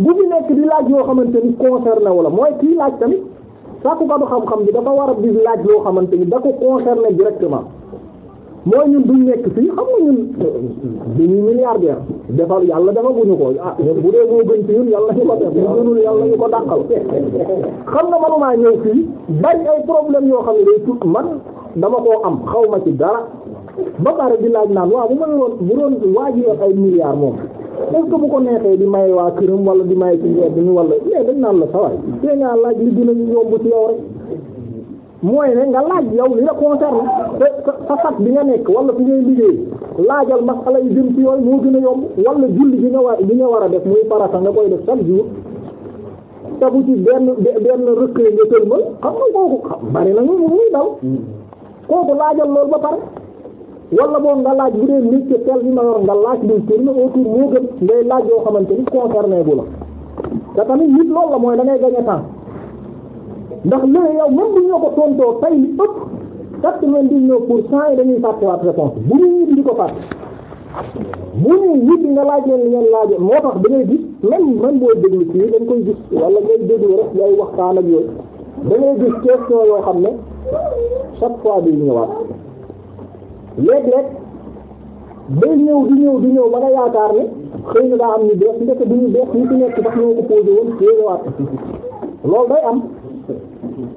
bu fi nekk di laaj yoo xamante ni concerné wala mooy kii laaj tamit sàkkukatu xam-xam bi dafa war a di laaj yoo xamante ni da ko concerné directement mooy ñun duñ nekk fii xam nga ñun dañuy milliardaire defal yàlla dafa guñu ko ah bu dee moo gën ci ñun yàlla ñu ko def bu gënul yàlla ñu ko dàqal xam nga manumaa ñëw fii bari ay problème yoo xam ne day tut man dama koo am xaw ma ci dara ba pare di laaj naan waaw bu ma yoroon bu doon waaji yoon ay moom est-ce ko neexee di may waa këram wala di may ci njëriñ wala mais dañ naan la sawaay tee ngaa laaj li gën a yomb ci yow rek mooy ne nga laaj yow li la concerne sa fat bi nga nekk wala fi ngay liggéey laajal masala yi jëm ci yooyu moo gën a yomb wala julli bi nga war bi nga war a def muy farata nga koy def chaque jour te bu ci benn benn rëkk nga tërmal xam nga kooku xam bari na ñu muy daw kooku laajal loolu ba pare wala boo nga laaj bu dee métier tel bi ma yor nga laaj buy tourné autour moo gën ngay laaj yoo xamante ni concerné bu la te tamit nit loolu la mooy da ngay gagner temps ndax loolu yow man bu ñoo ko tontoo tay li ëpp quatre-vingt-dix-neuf pour cent yi dañuy fàttewaat réponse bu ñuy ñibbi di ko fàtte bu ñuy ñibbi nga laaj leen li ngeen laajoon moo tax da ngay gis même même boo déglu ci dañ koy gis wala ngay déglu rek ngay waxtaan ak yooyu da ngay gis question yoo xam ne chaque fois bi ñëwaat léegi rek day ñëw du ñëw di ñëw ba nga yaakaar ne xëy na daa am ñu bees ndeke bu ñu bees ñu ci nekk sax ñoo ko posé am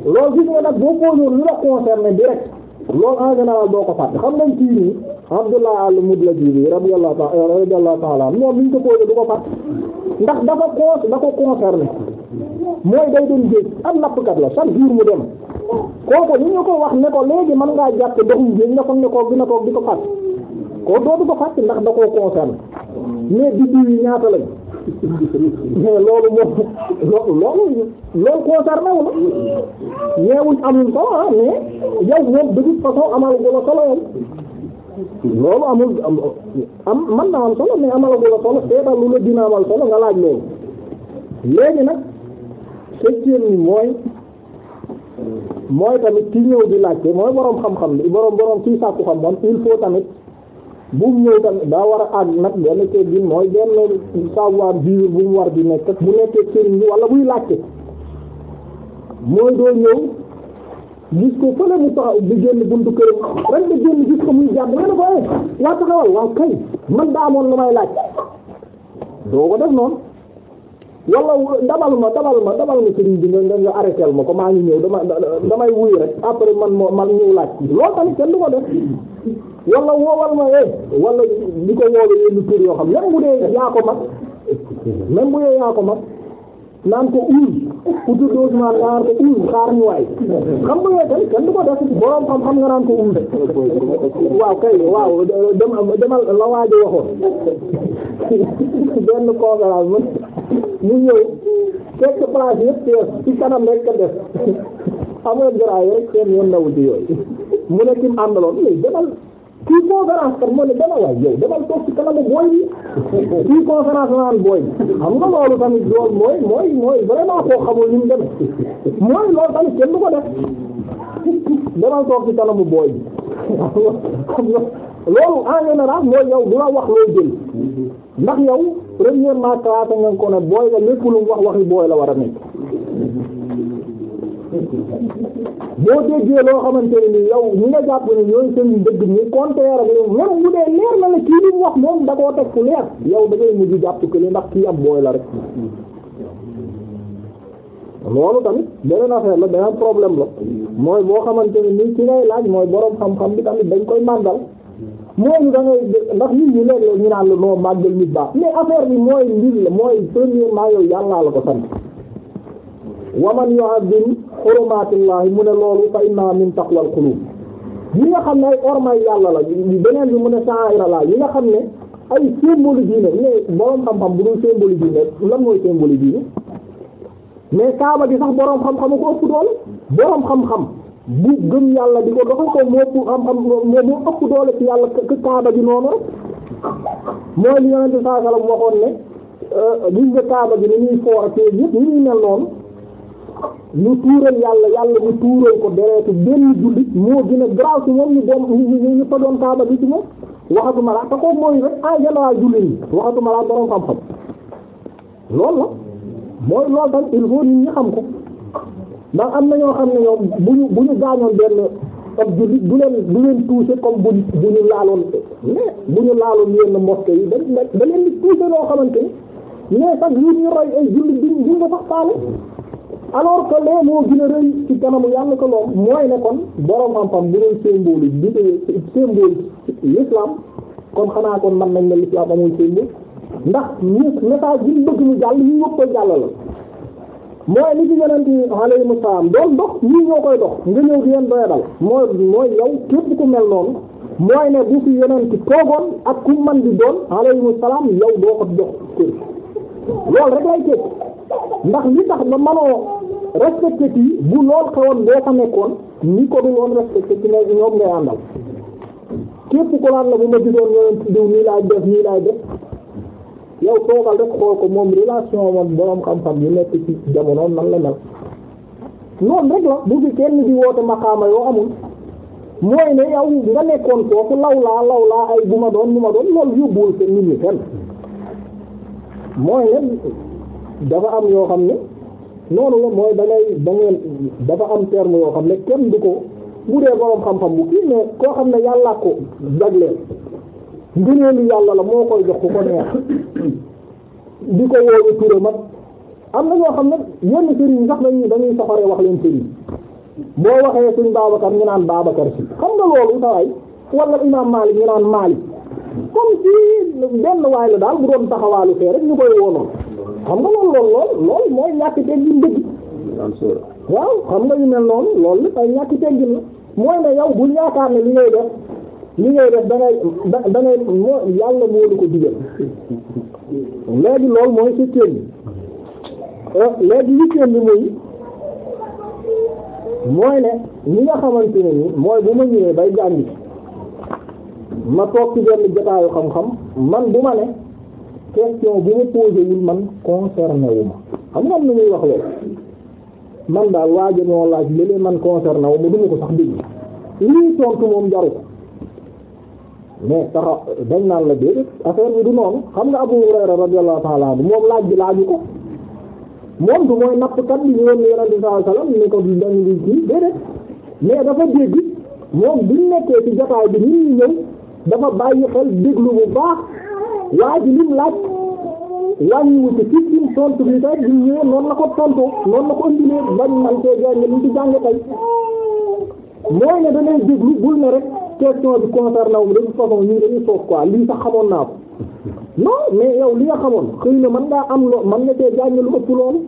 loolu gis nga nag boo posé lu la concerné direct loolu en général doo ko fàtte xam nañ kii nii Abdullah al-Mudlajiri euh, radiyallahu ta'ala radiyallahu ta'ala moom ni ñu ko posé du ko fàtte ndax dafa cons da ko concerné mooy day dem géej am nappkat la chaque jour mu dem kooku ñu ñu ko wax ne ko léegi mën ngaa jàpp doxum géej nga foog ne koog dina koog di ko fàtte koo dootu ko fàtte ndax da koo concerné mais biddiw yi ñaata lañ loolu moom loolu loolu concerné wu la ñeewuñ amul solo ah mais yow moom de toute amal gu la solo loolu amul am man na am solo mais amal gu solo seetal lu la dina amal solo nga laaj loolu léegi nag septième ni mooy mooy tamit ki ñëw di laajte mooy boroom xam-xam boroom boroom kii sàkku xam-xam il faut tamit bu mu ñëw daa war a àgg nag benn kër mooy benn savoir vivre bu mu war di nekk bu nekkee sëriñ bi wala buy laajte mooy doo ñëw gis ko fële mu taxaw di génn buntu këram rek da génn gis ko muy jàpp nga ne ko eh waa taxawal waaw kay man daa amoon lu may laaj doo ko def noonu wala dabal ma dabal ma dabal ma sëriñ bi nga nga arrêté ma ko maa ngi ñëw dama damay wuyu rek après man moo man ñëw laaj loolu tamit kenn du ko wala woowal ma yooyu wala di ko woowee yenn tur yoo xam même bu dee yaa ko mag même bu dee yaa ko mag naan ko uus ku tudd Ousmane naan ko uus xaar ñu waay xam nga yooyu kenn du ko def borom xam xam nga naan ko uus waaw kay waaw demal la waaj a waxoon benn conférence man ñu ñëw na garaay rek seen yoon ndaw kim àndaloon demal kii conférence kat moo ne dama waay yow demal toog ci kanamu booy bi kii conférence naan booy xam nga loolu tamit loolu mooy mooy mooy vraiment koo xamul ni mu demee mooy loolu tamit kenn du ko def demal toog ci kanamu booy bi xam nga loolu en mooy yow du la wax looy jël ndax yow premièrement classé nga ko ne booy la lépp lu wax waxi booy la war a nekk. boo déggee loo xamante ne ni yow ñi nga jàpp ne ñooy seen dëgg ñu contraire ak loolu même bu dee leer na la wax moom da koo teg fu leer yow da ngay mujj jàpp que li ndax kii am booy la rek loolu tamit beneen affaire la beneen problème la mooy boo xamante ne ni ki ngay laaj mooy borom xam-xam bi tamit dañ koy màndal mooy da ngay ndax nit ñi leeg la ñu naan la noo màggal nit baax mais affaire bi mooy mbir la mooy premièrement yow yàllaa la xurumaatullaahi mu ne loolu fa inna min taqwal qulub yi nga xam ne ay ormay yàlla la beneen bi mu ne sha'ira la yi nga xam ne ay symbole diine mais borom xam-xam bu dul symbole diine lan mooy symbole diine mais kaaba bi sax borom xam-xam ko ëpp doole borom xam-xam bu gëm yàlla di ko doxal ko moo ëpp xam-xam moo moo ëpp doole ci yàlla kaaba bi noonu rek mooy li yonente saa sallam waxoon ne euh, gis nga kaaba bi ni ñuy foor ak yëpp ni ñuy mel noonu. ñu tuural yàlla yàlla ñu tuural ko dereetu benn jullit moo gën a graaw ci moom ñu doon ñu fa doon kaaba bi ci moom waxatuma laa te ko mooy rek en général jullit yi waxatuma laa ko ndax am na ñoo xam ne ñoom bu ñu bu ñu gaañoon benn bu bu ñu laaloon mais bu ñu laaloon yi da da di touché loo xamante ni mais sax ñun ñu roy alors que lee moo gën a rëy ci kanamu yàlla ko lool mooy ne kon borom xam bu doon symbolique bi dee symbolique l'islam kon xanaa kon man nañ ne l'islam amul symbole ndax ñu message bi ñu bëgg ñu jàll ñu ñëpp koy jàll la mooy li ci yonent yi salaam doon dox ñii ñoo koy dox nga ñëw di leen doyadal mooy mooy yow képp ku mel noonu mooy ne bu fi yonent toogoon ak ku man di doon alayhi salaam yow doo ko jox kër loolu rek lay képp ndax li tax ba manoo respecté kii bu lool xewoon boo fa nekkoon ni ko du loon respecté ci ngay ñoom ngay àndal képp ko naan la bu ma gisoon ñoom ci nii laay def nii laay def yow toogal rek xool ko moom relation moom borom xam-xam yu nekk ci jamonoom nan la mel noonu rek la bu fi kenn di woote maqaama yoo amul mooy ne yow nga nekkoon foofu lawlaa lawlaa ay bu ma doon bu ma doon loolu yóbbuwul seen nit ñi kenn mooy ne dafa am yoo xam ne noonu la mooy da ngay da ngeen dafa am terme yoo xam ne kenn du ko bu dee xam-xam bu kii mais koo xam ne yàllaa ko jagleel ngëneelu yàlla la moo koy jox ku ko neex di ko woowu turam am na ñoo xam ne yenn sëriñ sax dañuy dañuy soxoree wax leen sëriñ boo waxee suñ Babacar ñu naan Babacar si xam nga loolu sa waay wala imaam Malik ñu naan Malik comme si benn waay la daal bu doon taxawaalu fee rek ñu koy wonoon. xam nga loolu loolu loolu mooy ñàkk teggin dëgg. waaw xam nga yu mel noonu loolu ay ñàkk teggin la mooy ne yow bul yaakaar ne li ngay def li ngay def da ngay da ngay moo yàlla moo la ko digal mooy septième eh, bi léegi huitième bi mooy mooy ne ñi nga xamante ne ni mooy bu ma ñëwee bay jàngi ma toog ci benn jotaayu xam-xam man bu ma question bu mu posé wul man concerné xam nga am na ñuy wax loolu man daal waaja moo laaj léeg man concerné wu ma du ma ko sax dégg lii tontu moom jaru ko mais naan la déedéet affaire bi du noonu xam nga Abu Hurayra radiyallahu ta'ala anhu moom laaj bi laaju ko moom du mooy nappkat bi ñëwoon ni yonente sallallahu alayhi wasallam ni ko dañ li kii déedéet mais dafa dégg moom biñ nekkee ci jotaay bi nit ñi ñëw dafa bàyyi xel déglu bu baax waa ji lim laaj wàññiwu ci ci ci tontu bi tey bi ñëwee noonu la ko tontu noonu la ko indilee bañ man tey jàng li ci jàng tey mooy ne danay déglu bul ne rek question bi concerne wu dañu façon ñii dañu soof lii sax xamoon naa ko non mais yow li nga xamoon xëy na man ngaa am loo mën nga tey jàng lu ëpp loolu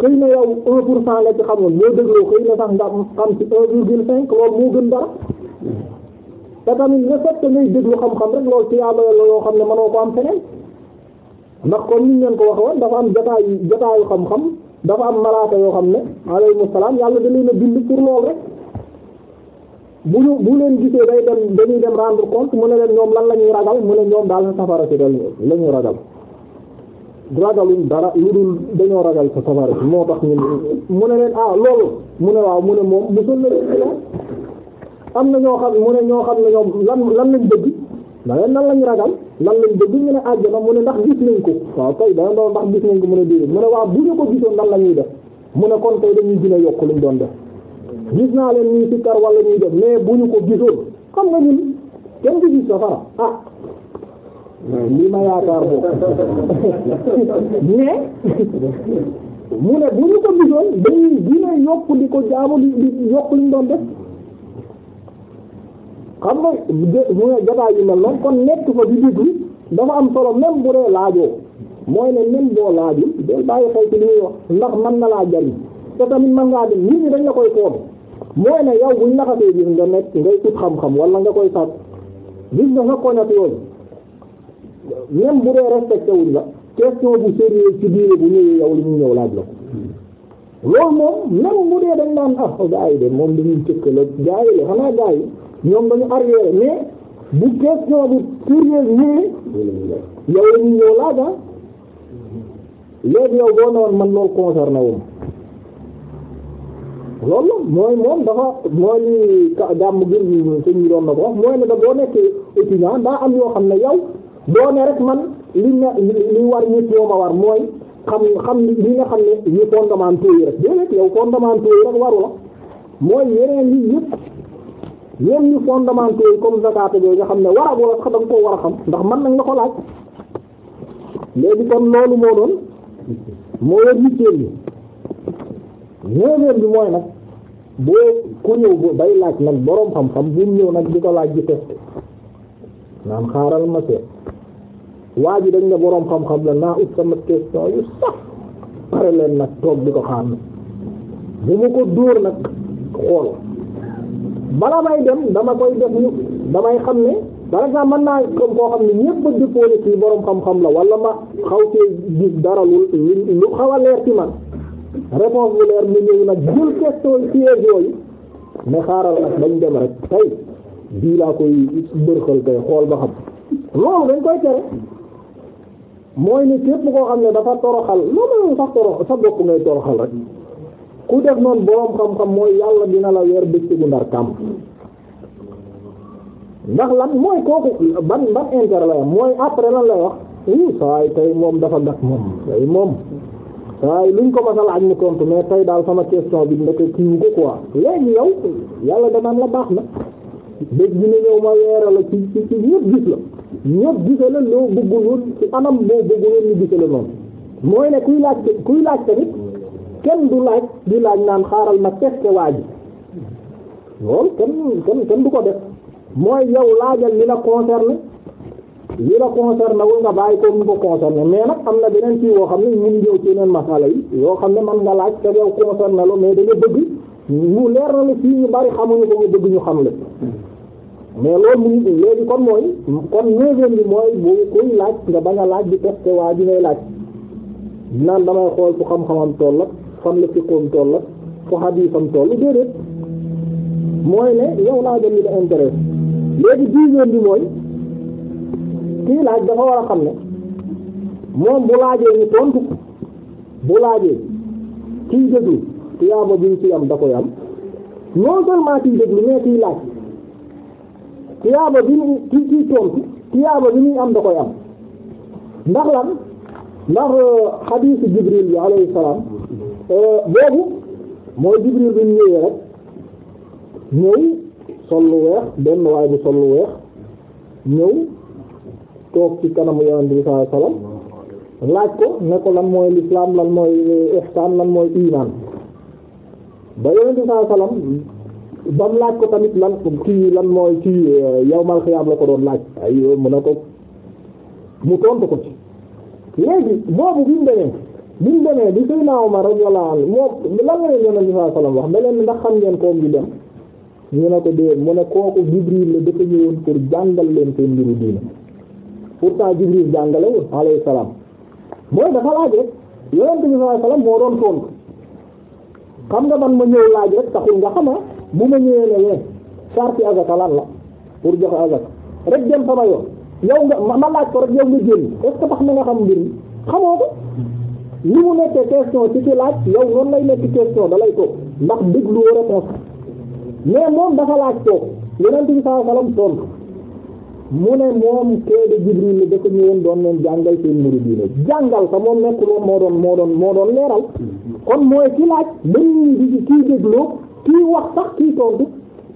xëy na yow un pour cent la ci xamoon boo dégloo xëy na sax nga xam ci un virgule cinq loolu moo gën dara te tamit le fait que ngay déglu xam rek ne mënoo ko am ndax comme ni ñu ko waxee woon dafa am jotaayu jotaayu am malaaka yoo xam ne alayhimu salaam yàlla da a bind pour lool rek bu ñu leen gisee day dem dañuy dem rendre mu ne leen ñoom lan la ñuy ragal mu ne ñoom daal sa safara si dañ la ñuy ragal ragaluñ dara lu dul dañoo ragal sa safara si moo tax mu ne leen ah loolu mu ne waaw mu ne moom mosul na leen am na ñoo xam mu ne ñoo xam ne ñoom lan lan lañ bëgg da leen lan lañ ragal nan lañ bëgg ñu ne àjjana mu ne ndax gis nañ ko waaw kay dana doon ndax gis nañ ko mu ne déedéet waaw bu ñu ko gisoon nan la ñuy def mu ne kon tey dañuy gën a yokk luñ doon def gis naa leen ñuy sikkar wala ñuy def mais bu ñu ko gisoon xam nga ñun kenn du gis safara ah lii ma yaakaar ñu a yokk yokk luñ doon def xam nga jë jotaay yu noonu kon nekk fa di déglu dafa am solo même bu dee laajoo mooy na même boo laajul del bàyyi xel ci li muy wax ndax mën na laa jariñ te tamit mën ngaa dem nit ñi dañ la koy foofu mooy ne yow buñ naxasee gis nga nekk ngay ut xam-xam wala nga koy sàkk gis bu dee respecté wuñ la question bu sérieux ci diine bu ñëwee yow li ñu ñëw laaj la ko loolu moom même bu dee dañ naan ah gars de moom dañuy cëkkale gars yi la xanaa gars yi ñoom dañu arrière mais bu question bi sérieuse ñëwee yow la ñu ñëw laaga ah. léegi yow man loolu concerné wum loolu mooy moom dafa mooy li gàmm gir sëñ bi doon na ko mooy ne da boo nekkee étudiant daa am yoo xam ne yow doo ne rek man li ne li war ñëpp ñoo ma war mooy xam xam li nga xam ne yu fondamentaux yi rek déedéet yow fondamentaux yi rek waru la mooy yeneen yi yëpp yenn fondamentaux yi comme zakat yooyu nga xam ne war a wala sax da nga koo war a xam ndax man nag nga ko laaj léegi kon loolu moo doon moo yor huitième bi neuvième mooy nag boo ku ñëw bay laaj nag boroom xam-xam bu ñëw nag di ko laaj bi test naan xaaral ma seet waa ji dañ ne boroom xam-xam la naa ut sama question yu sax pare leen nag toog di ko xaar bu ma ko dóor nag xool. bala may dem dama koy def ñu damay xam ne par exemple mën naa comme koo xam ne ñépp a dëppoole ci borom xam-xam la wala ma xaw see gis dara lu lu xaw a leer ci man réponse bu leer mu ñëw nag jël question piège yooyu ne xaaral nag dañ dem rek tey bii laa koy bërxal tey xool ba xam loolu dañ koy tere mooy ne képp koo xam ne dafa toroxal loolu sax torox sa bopp ngay toroxal rek ku def noonu boroom xam-xam mooy yàlla dina la weer bëccëgu ndar kàmb ndax lan mooy kooku ban ban intérêt la mooy après la lay wax i saay tey moom dafa gas moom tey moom saay luñ ko masal ak mu tontu mais tey daal sama question bi ndeke kiiwu ko quoi léegi yow yàlla danaan la baax na dég dina ñëw ma weera ci ci ci ñëpp gis la ñëpp gise la loo bëggul woon ci anam boo bëggul woon ñu gise la noonu mooy ne kuy laaj kuy laaj tamit kenn du laaj di laaj naan xaaral ma teste waa ji loolu kenn kenn kenn du ko def mooy yow laajal li la concerné li la concerné wul nga bàyyi ko mu ko concerné mais na am na beneen kii yoo xam ne ñu ngi ñëw ci yeneen masala yi yoo xam ne man nga laaj te yow concerné la mais da bëgg mu leer na la fii ñu bari xamuñu ko nga bëgg ñu xam la mais loolu mu léegi kon mooy kon neuvième bi mooy bu kuy laaj nga bañ a laaj di testé waa ji ngay laaj naan damay xool fu xam-xamam fan la fiqoom toll ak fa xadiisam toll déedéet mooy ne yow laa jël li la intéresse léegi dixième bi mooy kii laaj dafa war a xam ne moom bu laajee ñu tontu bu laajee kiy déglu tiyaaba ci am da koy am non seulement kiy déglu mais kiy laaj tiyaaba bi ñu ki kiy tontu tiyaaba bi ñuy am da koy am ndax lan ndax euh, xadiisu Jibril bi alayhi salaam boobu mooy Jibril bi ñëwee rek ñëw sol lu weex benn waay bu sol lu weex ñëw toog ci kanamu Yonent bi sallallahu alayhi wasallam laaj ko lan mooy lislaam lan mooy ihsaan lan mooy iman ba Yonent bi sallallahu alayhi wasallam ba mu laaj ko tamit lan kii lan mooy ci yawmal xiyaam la ko doon laaj ay mu ne ko mu tontu ko ci léegi boobu bi bu ñu demee bi Seydina Omar radiyallahu anhu moom lan la leen yonent bi sallallahu alayhi wasallam wax ne leen ndax xam ngeen koom bi dem ko mu ne kooku Jibril la dafa ñëwoon pour jàngal leen seen mbiru diina pourtant Jibril jàngalewul alayhi salaam mooy dafa laaj rek yonent bi sallallahu alayhi moo doon tontu xam nga man ma ñëw laaj rek taxul nga xama ah, bu ma ñëwee ne leen sarti azaka lan la pour joxe azaka rek dem sama yoon yow nga ma laaj ko rek yow nga génn est que tax na nga ni mu nekkee question ci ki laaj yow noonu lay nekk question da lay toog ndax déglu réponse mais moom dafa laaj toog yonent bi sallallahu alayhi wasallam tontu mu ne moom kee de Jibril ni dafa ñëwoon doon leen jàngal seen muru diine jàngal sa moom nekkuloon moo doon moo doon moo doon leeral kon mooy ki laaj dañuy di kii dégloo kii wax sax kii tontu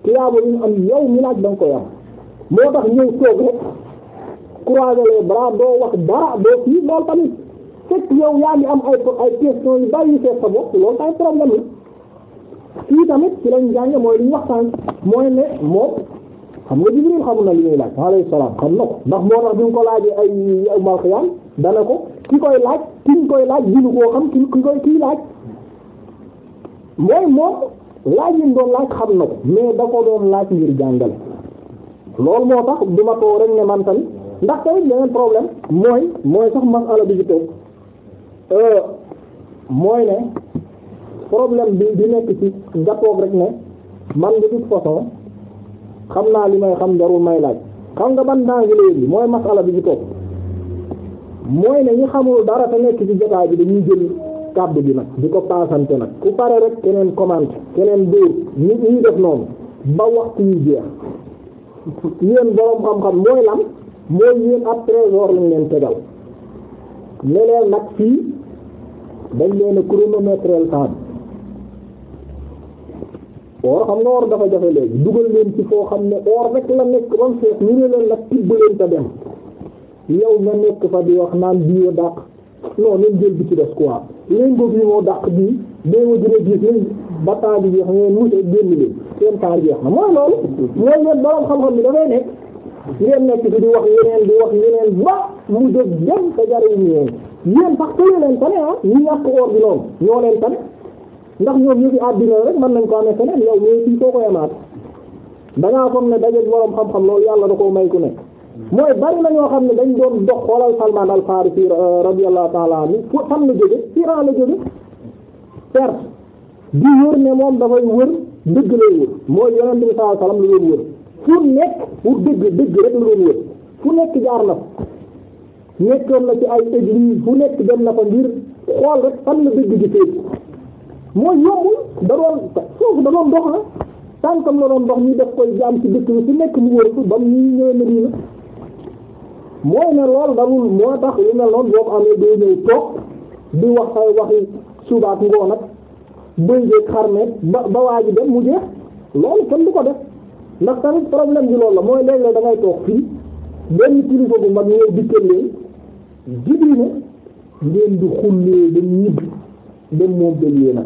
tiyaaba ñu am yow mi laaj da nga koy am moo tax ñëw toog rek croiser les bras doo wax dara doo fii lool tamit fekk yow yaa ngi am ay ay questions yu problème la tamit ci lañ jànge mooy li ñu waxtaan mooy ne moom xam nga Jibril xamul na li ñuy laaj alayhi salaam xam na ko ndax moo tax bi ñu ko laajee ay yawmal dana ko ki koy laaj ki koy laaj dinu koo xam ki koy kii laaj mooy moom laaj yi doon laaj xam na ko mais da ko doon laaj ngir jàngale loolu moo tax du ma rek ne man tamit ndax tamit beneen problème mooy mooy sax masala bi ci Euh, mooy ne problème bi di nekk ci jàppoog rek ne man de toute façon xam naa li may xam jarul may laaj xam nga ban ngi léegi mooy masala bi ci topp mooy ne ñu xamul dara te nekk ci jotaay bi dañuy jël kàddu bi nag di ko paasante nag ku pare rek keneen commenté keneen dóor nit ñi def noonu ba waxtu yu jeex yéen xam-xam mooy lan mooy yéen ab trésor lañ leen tegal ne nag fii dañ leen a chronométrer temps bi or xam nga war dafa jafe léegi dugal leen ci foo xam ne or rek la nekk bam fees ñu ne leen nag tibb leen te dem yow nga nekk fa di wax naan bii a dàq non leen jël bi ci des quoi leen boobu yi moo dàq bii dée ma dina gis lañ ba temps bi jeex ngeen mose génn leen seen temps jeex na mooy loolu ñooy leen borom xam-xam bi dafay nekk ngeen nekk fi di wax yeneen di wax yeneen ba mu jóg dem te jariñu yéen yéen sax tëye leen tane ah ñu yàq or ñoo leen tane ndax ñoom ñu fi àddina rek man nañ ko amee feneen yow ñooy fii soo ko yamaat dangaa foog ne dajeeg borom xam-xam loolu yàlla da koo may ku nekk mooy bari na ñoo xam ne dañ doon dox xoolal Salman al Farisi radiyallahu ta'ala anhu fu xam la jóge Iran la jóge Perse di wër ne moom dafay wër dëgg lay wër mooy yonent fu nekk pour dëgg dëgg rek la doon wër fu nekk jaar na nekkoon la ci ay église fu nekk dem na fa ngir xool rek fan la dëgg di féet mooy yombul da doon foofu da doon dox la tànkam la doon dox ñu def koy jaam ci dëkk bi fu nekk mu wër ko ba mu ñëwee na diina mooy ne loolu dalul moo tax yu mel noonu boobu amee day ñëw toog di wax ay waxi subaak ngoon ak bëy xarmeet ba ba waa ji dem mu jeex loolu kenn du ko def ndax tamit problème bi loolu la mooy léeg-léeg da ngay toog fii benn kilifa bu mag ñëw dikkal leen jibi na ngeen di xullee dem ñibbi dem moom béyee na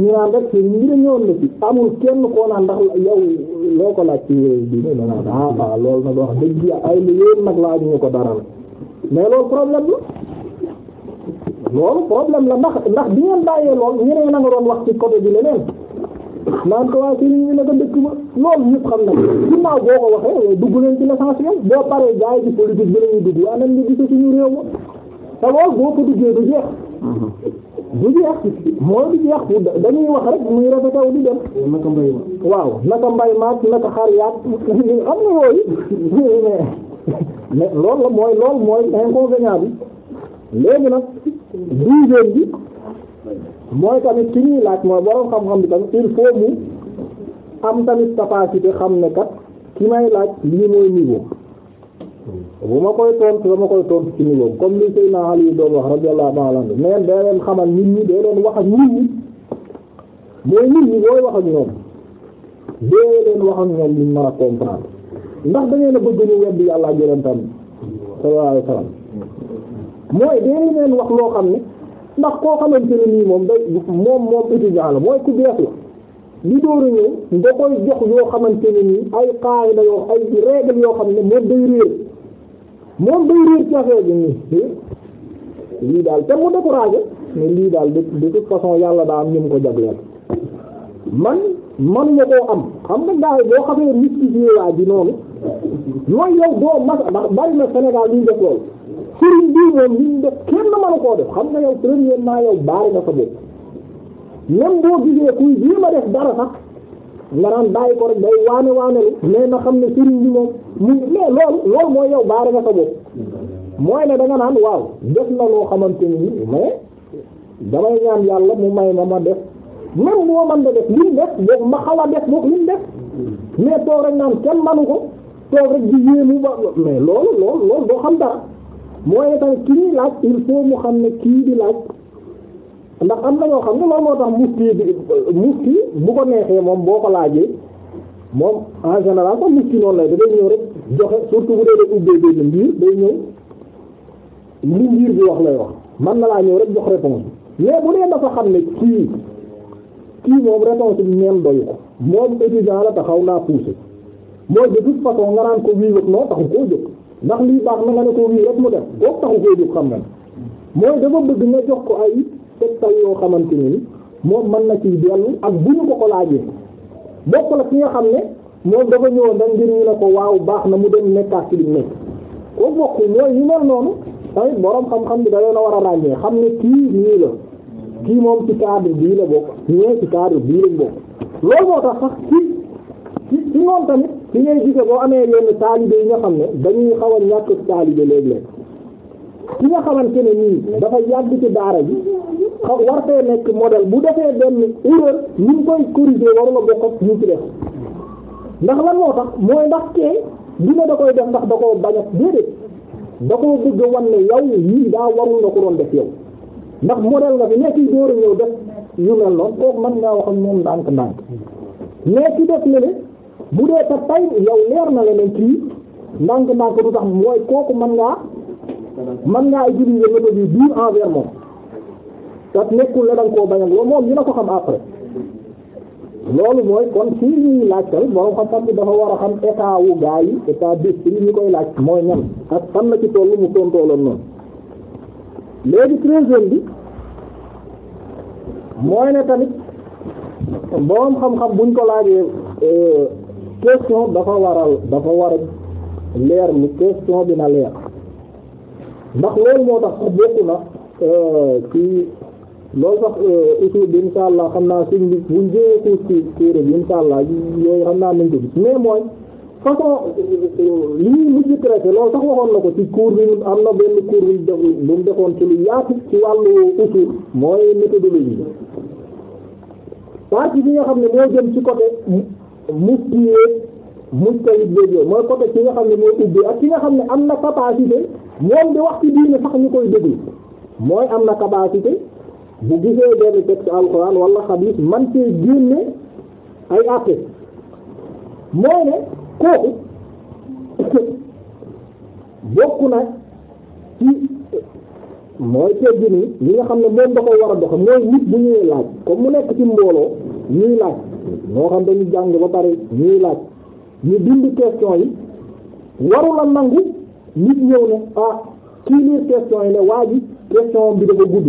ñu naan rek te ñu ne ñëwoon na kenn koo naan ndax yow loo ko laaj ci yooyu bi ne naan ah ah loolu nag ay yéen nag laaj ñu ko dara la mais loolu problème la loolu la ndax ndax bi ngeen bàyyee lool ñeneen a nga doon wax ci côté bi leneen. naan ko waa sëriñ bi naka dëkk ba loolu ñëpp xam nañ ginnaaw boo ko waxee dugg leen ci l'essentiel boo paree gars yi ci politique di lañuy dugg waaye nan ñu gise suñu réew ma te loolu boo ko duggee du jeex du jeex mooy du jeex dañuy wax rek muy rafetaw di dem naka mbay ma waaw naka mbay maak naka xar yaat xam nga yooyu mais loolu la mooy loolu mooy inconvénient bi léegi nag dixième bi mooy tamit ki ñuy laaj mooy borom xam-xam bi tamit il faut mu am tamit capacité xam ne kat ki may laaj li mooy niveau bu ma koy tontu dama koy tontu ci niveau comme li Seydina Ali doon wax radiyallahu ta'ala anhu neen day leen xamal nit ñi day leen wax ak nit ñi mooy nit ñi booy wax ak ñoom dee leen wax ak ñoom liñ mën a comprendre ndax da ngeen bëgg ñu weddi yàlla ak yonentam sallallahu mooy dee leen wax loo xam ne. ndax koo xamante ne moom day moom moom étudiant mooy ku bees la di dóoru ñëw nga koy jox yoo xamante ne nii ay xaay da yoo ay règle yoo xam ne moom day réer moom day réer ci bi nii lii daal te mu découragé mais lii daal de de façon yàlla daa am ñu mu ko jagleel man man nga koo am xam nga daal boo xamee mystifié waa ji noonu mooy yow doo mas ndax bari na Sénégal ñu def loolu sëriñ bii moom li ñu def kenn mën koo def xam nga yow premièrement yow baari nga sa bopp même boo gisee kuy jéem a def dara sax nga naan bàyyi ko rek day waane waane lu mais na xam ne sëriñ bi moom mu mais mooy yow baari nga sa bopp mooy ne da naan waaw def na loo xamante ni mais damay yàlla mu may ma ma def même boo mën da def li mu def boog ma xaw a def boog li mu loolu loolu loolu doo xam dara. mooy tamit ki ñuy laaj il faut mu xam ne kii di laaj ndax am na ñoo xam ne loolu moo tax mufti bi bu ko neexee moom boo ko laajee moom en général comme noonu lay dafay ñëw rek joxe surtout bu dee dee ubbee wax lay wax man na laa ñëw rek jox réponse bi mais bu dee dafa xam ne kii kii moom réponse bi ñeent doyu ko moom étudiant la taxaw naa poussé mooy de toute façon naan ko wii wëg noo taxu koo jóg ndax lii baax na nga ne ko wii rek mu def kooku taxu koo jóg xam nga mooy dafa bëgg nga jox ko ay tegtal yoo xamante ne ni moom mën na ci dellu ak bu ñu ko ko laajee bokk la fi nga xam ne moom dafa ñëwoon da ngir ñu ne ko waaw baax na mu dem nekkaat ci li nekk ko bokk mooy ñu mel noonu tamit borom xam-xam bi da leen a war a ràññee xam ne kii nii la kii moom ci cadre bii la bokk ñee ci cadre bii lañ bokk loolu moo tax sax ci ci ci ñoom tamit. ci ngay gisee boo amee yenn taalibe yi nga xam ne dañuy xaw a ñàkk taalibe léeg-léeg ki nga xamante ne nii dafa yàgg ci daara yi xaw war fee nekk modèle bu defee benn erreur ñu ngi koy corriger warula bokk ak ñu ci def ndax lan moo tax mooy ndax kee dina da koy def ndax da koo bañ a déedéet da koo bëgg a wan ne yow yii nga ko doon def yow ndax modèle nga fi nekk yi dóor a ñëw def yu mel noonu kooku mën ngaa wax moom ndànk ndànk mais ci def lene bu dee ta tay yow leer na leneen kii ndànk ko du tax mooy kooku mën ngaa mën ngaa utiliser méthode yu dur envers moom tat nekkul la da nga koo bañal loolu moom dina ko xam après loolu mooy kon fii ñuy laajtal borom xam-xam bi dafa war a xam état wu gaa yi état d'esprit ñu koy laaj mooy ñan ak fan la ci tollu mu tontooloon noonu léegi treizième bi mooy ne tamit borom xam-xam buñ ko laajee euh, question dafa waral dafa war a leer ni question bi na leer ndax loolu moo tax sax bokk na euh, ci loolu sax euh, usul bi insha allah xam naa suñ bi buñ jëwee kuus ci bi insha allah yooyu naa nañ ko gis mais mooy façon euh, li ñuy mujj traité loolu sax waxoon na ko ci cours bi am na benn cours bi def bu mu defoon ci lu yaatu ci wàllu usul mooy méthodologie partie bi nga ne moo jëm ci muskie mustahid léegi mooy côté ki nga xam ne mooy ubbi ak ki nga xam ne am na capacité moom di wax ci diine sax ñu koy déglu mooy am na capacité bu gisee benn texte alxuraan wala xadiis man cee génne ay àtte mooy ne kooku bokk nag ki mooy teggin yi nga xam ne moom da ko war a doxe mooy nit bu ñuy laaj comme mu nekk ci mbooloo ñuy laaj ñoo xam dañu jàng ba pare ñuy laaj ñu bind question yi waru la nangu nit ñëw ne ah kii liir question yi ne waa ji question bi dafa gudd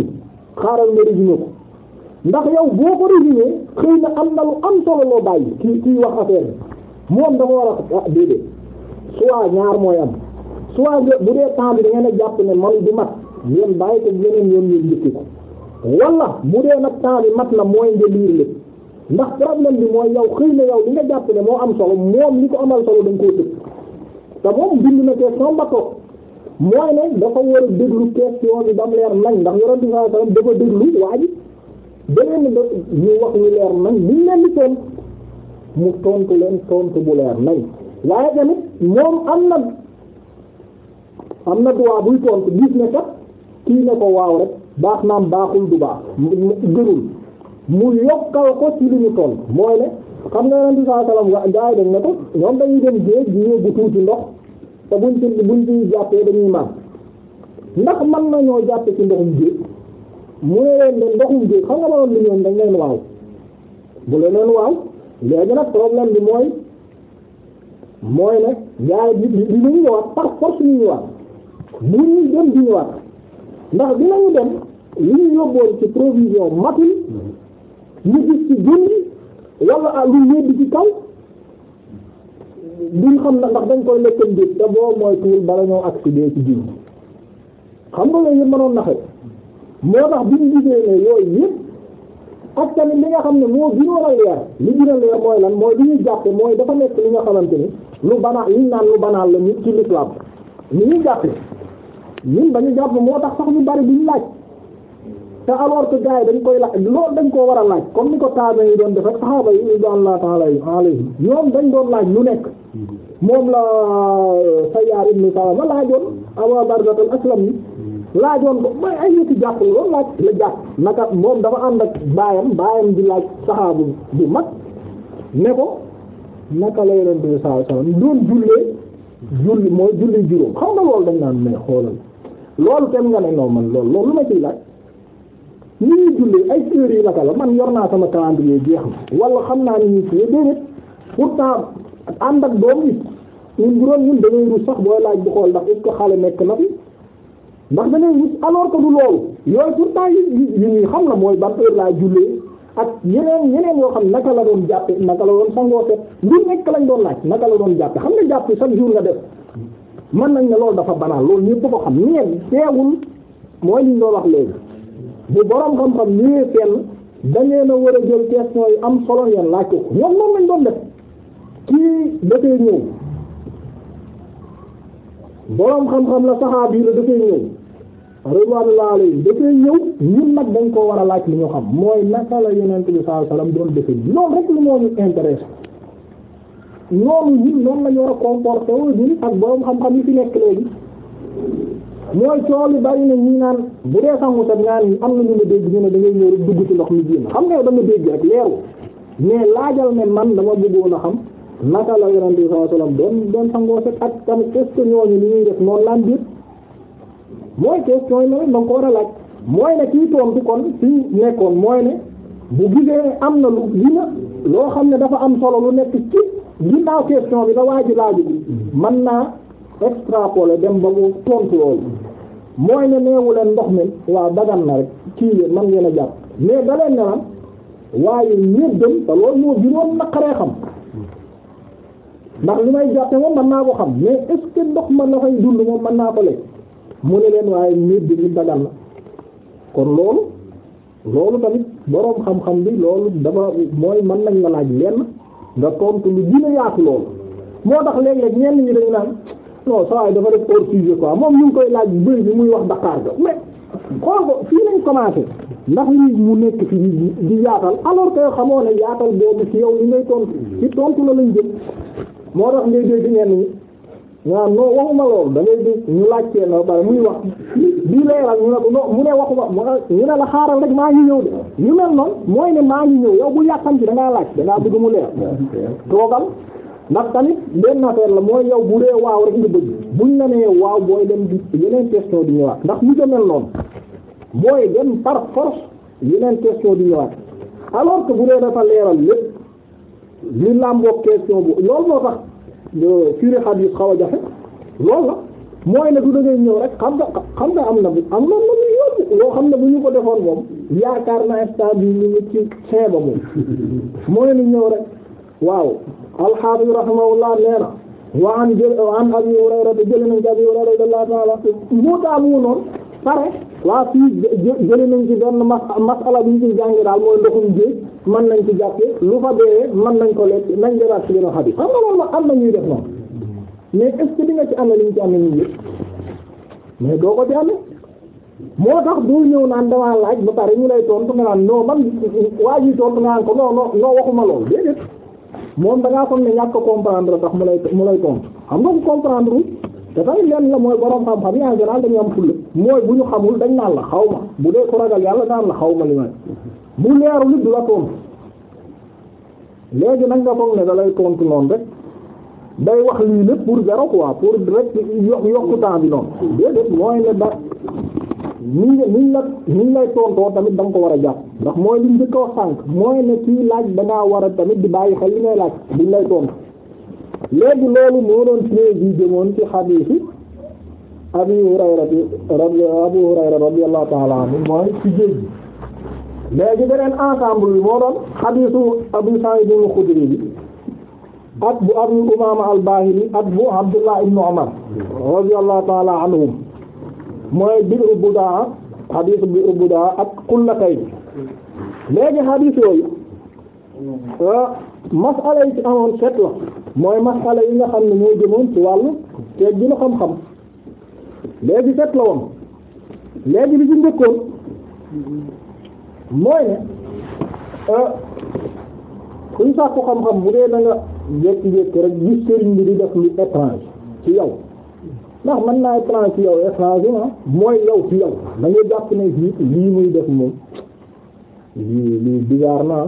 xaaral nga résumé ko ndax yow boo ko résumé xëy na am na lu am solo loo bàyyi kii kii wax affaire bi moom dafa war a ah, déedéet soit ñaar mooy am soit bu dee temps bi da jàpp ne man du mat ngeen bàyyi ko yeneen yoon ngeen njëkki ko wala bu dee nag temps bi mat na mooy nga liir lépp ndax problème bi mooy yow xëy na yow li nga jàpp ne moo am solo moom li ko amal solo da nga koo tëj te moom bind na question ba toog mooy ne dafa war a déglu question bi ba leer nañ ndax yonent bi sallallahu alayhi wasallam dafa déglu waa ji beneen ba ñu wax ñu leer nañ ñu leen di tontu mu tontu leen tontu bu leer nañ waaye tamit moom am na am na droit buy tontu gis ne kat kii ne ko waaw rek baax naam baaxul du baax gërul mu yokkal ko ci li mu toll mooy ne xam nga Yonent bi sallallahu alayhi wasallam gaa yi dañ ne ko ñoom dañuy dem géej di yóbbu tuuti ndox te buñ ci buñ ci jàppee dañuy mar ndax mën nañoo jàppe ci ndoxum géej mu ne leen de ndoxum géej xam nga ma li ñoom dañ leen waaw bu leen leen waaw léegi nag problème bi mooy mooy ne gaa yi di di ñu ñëwaat par force ñu ñëwaat bu ñuy dem di ñëwaat ndax dinañu dem li ñu yóbboon ci provision matul lu gis ci jën yi wala ah lu yëdd ci kaw duñ xam na ndax dañ koy lekk mbir te boo mooy tuur bala ñoo accident ci jën xam nga yooyu yëpp mënoon naxe moo tax buñ gisee ne yooyu yëpp ak tamit li nga xam ne moo gënoon a leer li gën a leer mooy lan moo li ñuy jàppe mooy dafa nekk li nga xamante ni lu banaa liñ naan lu banaal la ñu ci l'islam ni ñuy jàppe ñun dañu jàpp moo tax sax ñu bari duñ laaj te alors que gars yi dañ koy laaj loolu dañ koo war a laaj comme ni ko taaba yi doon def ak saxaaba yi ridwaanullah taala dañ doon laaj lu nekk moom la euh, Sayyaar ibn Salama laajoon ko mooy ay yëti jàpp loolu laaj la jàpp naka moom baayam baayam di laaj saxaabu bu mag ne ko naka la Yonent bi sallallahu alayhi wasallam jullee julli mooy julli juróom xam nga loolu dañ naan mais xoolal loolu tem nga ne non man loolu loolu ma ciy laaj ni ñuy dundee ay heures yi naka la man yor naa sama calendrier jeex na wala xam naa ni ñuy fiyee déedéet pourtant ànd ak doom yi ñun bu doon ñun dañuy rus sax booy laaj bu xool ndax est ko que xale nekk na fi ndax dañuy rus alors que du loolu yooyu pourtant yi yi ñuy xam na mooy ba heure laa jullee ak yeneen yeneen yoo xam naka la doon jàppe naka la doon sangoo set lu nekk lañ doon laaj naka la doon jàppe xam nga jàpp chaque jour nga def mën nañ ne loolu dafa banal loolu ñëpp ko xam ñeent teewul mooy liñ doon wax léegi bu borom xam-xam ñëwee fenn dañee war a jël question yi am solo ngeen laaj ko ñoom moom lañ doon def kii dafay ñëw borom xam-xam la saxaab yi la dafay ñëw ridwaanullah alayhi dafay ñëw ñun nag dañ ko war a laaj li ñu xam mooy naka la yonent bi sallallahu alayhi wasallam doon defe loolu rek lu moo ñu intéressé loolu noonu la war a comporté wu ak boroom xam-xam yi fi nekk léegi. mooy tool yi bari na ñu naan bu dee sangukat naan am na ñu ne dégg ñu ne da ngay ñëw rek dugg ci ndox mi génn xam nga dama dégg rek leeru mais laajal ne man dama bëggoon a xam naka la yonent bi sallallahu doon doon sangoo set ak tamit est-ce que ñuy def noonu laan biir mooy question yi nawet da nga a laaj mooy ne kii toom ci kon ne bu gisee ne am na lu dina loo xam ne dafa am solo lu nekk ci ginnaaw question bi da waaj a laaj bi mën naa extrapoler dem ba mu tontu loolu. mooy ne neewu leen ndox mi waaw dagan na rek kii leen man ngeen a jàpp mais da leen ne lan waaye ñépp dem te loolu moo gënoon naqaree xam ndax li may jàppe moom man naa ko xam mais est ndox man na fay dund moom mën naa ko lekk mu ne leen waaye ñépp dem dagan na kon loolu loolu tamit boroom xam-xam bi loolu dafa mooy mën nañ nga laaj lenn nga tontu lu gën a yaatu loolu moo tax léeg-léeg ñenn ñi dañu naan non saa yi dafa def hors sujet quoi moom ñu ngi koy laaj bëri bi muy wax Dakar ga mais xool ko fii lañ commencé ndax lii mu di yaatal alors que xamoo ne yaatal boobu ci yow li ngay tontu ci tontu la lañ jëm ne tax ngay dégg ñenn ñi waaw non waxuma loolu da ngay dégg ñu laajtee na bare muy wax di leeral ñu ne ko non mu ne waxuma ñu ne la xaaral rek maa ngi ñëw de ñu mel noonu mooy ne maa ngi ñëw yow bu yàqam ci da ngaa laaj da ngaa bëgg mu leer ndax tamit benn affaire la mooy yow bu dee waaw rek nga bëgg buñ na nee waaw booy dem di yeneen question di ñëwaat ndax mu demel noonu booy dem par force yeneen question di ñëwaat alors que bu dee dafa leeral lépp li làmboo question bu loolu moo tax firi yi xaw a jafe loolu la mooy ne du dangay ñëw rek xam nga xam nga am na bu am na lu loo xam ne bu ñu ko defoon moom yaakaar naa instant bi ñu ngi ci fin ba moom mooy ni ñëw rek waaw alxaafis rahimahullah nee na wa an jël wa an abi hurayra te nañ ci abi hurayra radiyallahu ta'ala muutaa mu noonu pare waa fii jëli nañ ci benn masala bi ñu ci jàngi daal mooy ndoxum jéeg mën nañ ci jàppe lu fa deewee mën nañ ko lekk nañ deraat ci benn xadis xam nga loolu ma am na ñuy def noonu mais est-ce ci am na li ñu ci am na ñu yëpp mais doo ko ci amee moo tax doo ñëw naan damaa laaj ba pare ñu lay tontu nga naan man waa ji nga naan ko moom da ngaa foog ne ñàkk comprendre tax mu lay mu lay tontu xam nga ko comprendre wul te tamit lenn la mooy borom xam-xam yi a général dañu am fulla mooy bu ñu xamul dañ naan la xaw ma bu dee ko ragal yàlla naan la xaw ma li may bu leeru nit du la tontu léegi nag nga foog ne da lay tontu noonu rek day wax lii lépp pour ko quoi pour rek yokku temps bi noonu déedéet mooy ne da. ñu ngi ñu la ñu lay tontoo tamit da nga ko war a jàpp ndax mooy li njëkk a wax sànq mooy ne kii laaj da ngaa war a tamit di bàyyi xel li ngay laaj di lay tontu léegi loolu moo doon préjugé moon ci xadiisu Abu Hurayra rabbi Abu Hurayra radiyallahu ta'ala anhu mooy ci géej gi léegi beneen ensemble bi moo doon xadiisu Abu Sa'id al-Khudri bi ak bu Abu Umaama al-Bahili ak bu Abdullah ibn Umar radiyallahu ta'ala anhum mooy biir budaa xadiis biir budaa ak xullatay léegi xadiis yooyu ah, masala yi ci amoon set la mooy masala yi nga xam ne ñoo jëmoon ci wàllu teeg gi xam-xam léegi set la woon léegi li ci njëkkoon mooy ne ah, kuñ sàkku xam-xam bu dee nga jékki-jékki rek gis sëriñ bi di def lu étrange ci yow ndax mën naa plan ci yow étranger mooy yow ci yow da nga jàpp ne fii lii muy def moom lii lii bizarre na ah.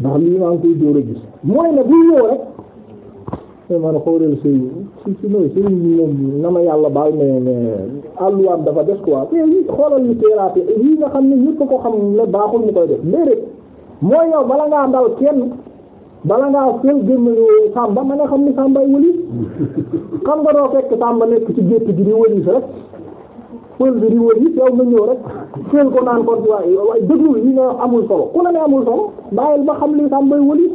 ndax lii maa ngi koy dóor a gis mooy ne bu ñëw rek te man xoolal sëy si moom na ma yàlla baal mais mais àlluwaat dafa des waa te xoolal ñu teeraate yii nga xam ne ñëpp ko xam ne baaxul ñu koy def léeg mooy yow bala ngaa dal kenn bala ngaa seel gémmañu sàmba ma nga xam ni sàmbay wëlis xam nga doo fekk sàmba nekk ci gétt gi di wëlis rek pël bi di wëlis yow nga ñëw rek seel ko naan kon waaye waaye déglu yi nga amul solo ku la ne amul solo bàyyil ba xam li sàmbay wëlis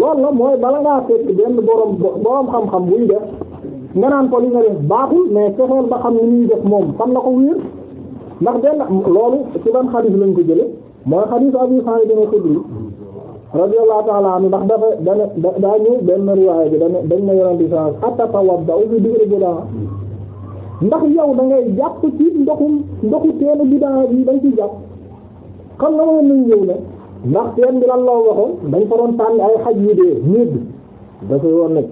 loolu la mooy bala ngaa fekk benn borom borom xam-xam buy def nga naan ko li nga def baaxul mais fexeel ba xam ni ñuy def moom xam na ko wér ndax benn loolu ci ban xadiis lañ ko jële mooy xadiis Abu Sa'id al-Khudri radiyallahu ta'ala anhu ndax dafa dana daa ñëw benn riwaaya bi dana dañ na yonent bi sallallahu alayhi wasallam atatawadda bi digri bidaa ndax yow bi dañ ci jàpp xam nga moom nañ ñëw ne ndax teen bi lan la waxoon dañ fa doon tànn ay xaj yu dee ñédd dafa yoon nekk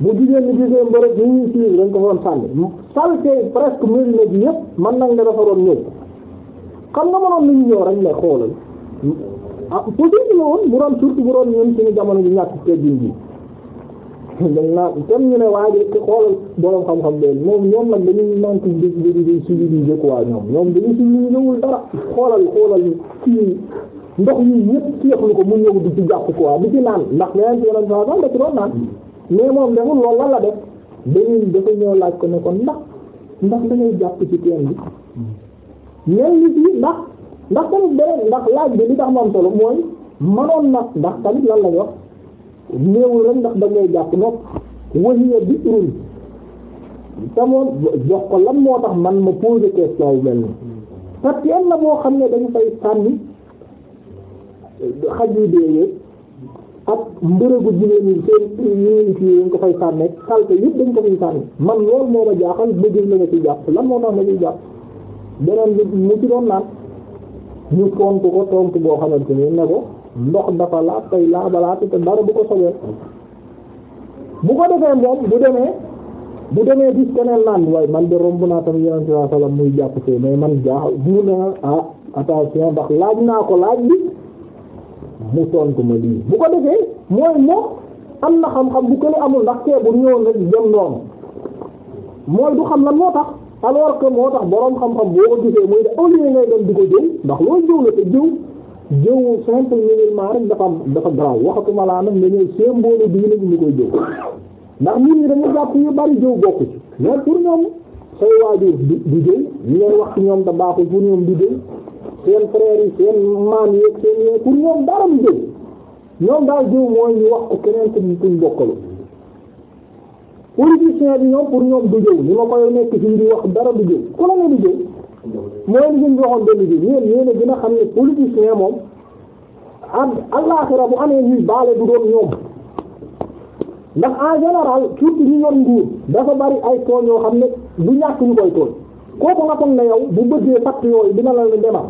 bu jigéen ñi gisee mbërëg ñu ñuy siiw dañ ko doon sànni salte presque Médina bi yëpp man nañ ne dafa doon ñëw xam nga mënoon nañu ñëw rek ne xoolal ah possible la woon bu doon surtout bu doon ñun suñu jamono bi ñàkk teggin bi dañ naan tam ñu ne waaye ci xoolal borom xam-xam leen moom ñoom nag dañuy manque di di di civiliser quoi ñoom ñoom dañuy civiliser wul dara xoolal xoolal ci ndox yi yëpp seexlu ko mu ñëw di ci jàpp quoi di ci naan ndax leneen ci yeneen saa da ci doon naan mais moom deful loolu lan la def dañuy dafa ñëw laaj ko ne ko ndax ndax da ngay jàpp ci teen bi mel ni fii ndax ndax tamit beneen ndax laaj bi li tax ma am solo mooy ndax tamit lan la ñu wax néewul rek ndax da ngay jàpp nopp waxiya bi urun tamoon jox ko lan moo tax man ma poser question yu mel ni parce que yan la boo xam ne dañu fay sànni xaj yu dee ak mbërëgu jigéen ñi seen unité yi ko fay sànnee salte yëpp dañ ko fay sànni man loolu moo ma jaaxal bëgg na nga ci jàpp lan moo tax ma ciy jàpp beneen bi mu ci doon naan ñu tontu ko tontu boo xamante ne ne ko ndox dafa laaj tey laabalaati te dara bu ko sobee bu ko defee moom bu demee bu demee gis ko ne waaye man de romb naa tamit yeneen saa salaam muy jàpp see mais man jaaxal bu ne ah attention ndax laaj naa ko laaj bi mu tontu ma lii bu ko defee mooy moom am na xam-xam bu ko amul ndax kee bu ñëwoon rek jëm noonu mooy du xam lan moo tax. alors que moo tax boroom xam-xam boo ko gisee mooy au lieu ngay dem di ko jëw ndax loolu jëw la te jëw jëw simple minimement rek dafa dafa garaaw waxatuma laa nag nga ñëw seen mbooloo bii nag ñu koy jëw ndax nit ñi dañu jàpp yu bari jëw bokk ci mais pour ñoom say waajur di di jëw ñu ngay wax ci ñoom da baaxul pour ñoom di jëw seen frère yi seen maam yi seen yooyu pour ñoom dara mu jëw ñoom daal jëw mooy ñu wax ko keneen ku ñu bokkalu politicien bi ñoom pour ñoom du jëw ni ma koy nekk fii di wax dara du jëw ku la ne du jëw mooy li ngeen waxoon benn bi ñeen moom bu amee ñuy ndax en général surtout ñu yor nguur dafa bari ay tooñ yoo xam ne du ñàkk ñu koy tooñ kooku nga foog na yow bu bëggee fatt yooyu dina la ne demal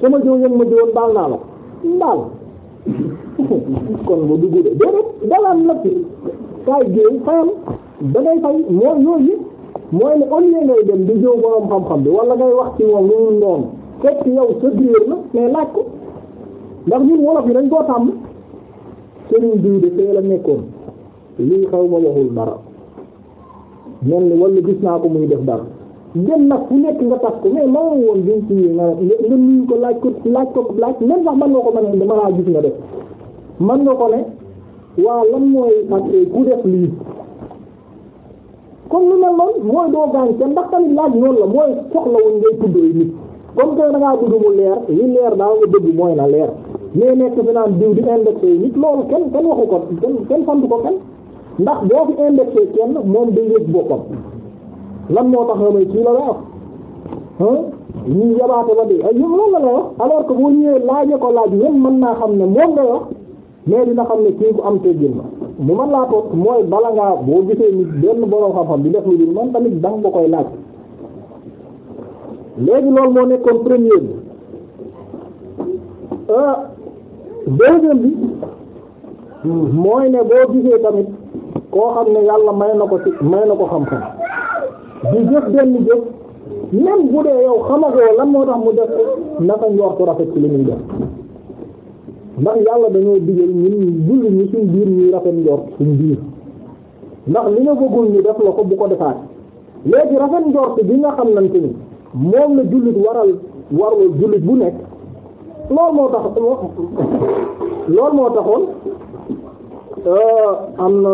sama jëw yëg ma jëwoon baal naa la baal kon ma dugg de déedéet dalaan nag kaay géey fayal da ngay fay mooy yooyu yëpp mooy ne au lieu ngay dem di jëw borom xam-xam bi wala ngay wax ci moom loolu noonu fekk yow sa réer la mais laaj ko ndax ñun wolof yi dañ koo tàmm sëriñ diw de fee la nekkoon lii xaw ma waxul dara mel ni wala gis naa ko muy def dara dem nag fu nekk nga tas ko ma woon biñ ci nga ko laaj laaj ko laaj même sax mën nga ko mën dama laa gis nga def man nga ko ne waaw lan mooy ak ku def lii comme lu mel noonu mooy doo gaañ kenn ndax tamit laaj noonu la mooy soxlawul ngay tuddee nit comme que da ngaa mu leer li leer daa nga bëgg mooy na leer mais nekk fi naan diw di indexé yi nit loolu kenn kenn waxu ko kenn kenn sant ko ndax boo fi indexé kenn moom day yëg boppam lan moo tax nga may kii la la wax ñuy yabaate ba dee ay yow loolu la la wax alors que boo ñëwee laajee ko laaj ñoom mën naa xam ne moom nga wax mais dina xam ne kii bu am teggin la mu mën laa mooy bala ngaa boo gisee nit benn borom xam-xam bi def lu dul man tamit danga ko koy laaj léegi loolu moo nekkoon premier bi euh, deuxième bi mooy ne boo gisee tamit koo xam ne yàlla may na ko ci may na ko xam-xam di jëf benn jëf même bu dee yow xamagoo lan moo tax mu def ko naka njortu rafet ci ndax yàlla dañoo digal ñun julli ñi suñ biir ñuy rafet njort suñ biir ndax li nga bëggul ñu def la ko bu ko defaat léegi rafet njort bi nga xam nante ni moom la jullit waral warul jullit bu nekk loolu moo tax loolu moo taxoon euh, am na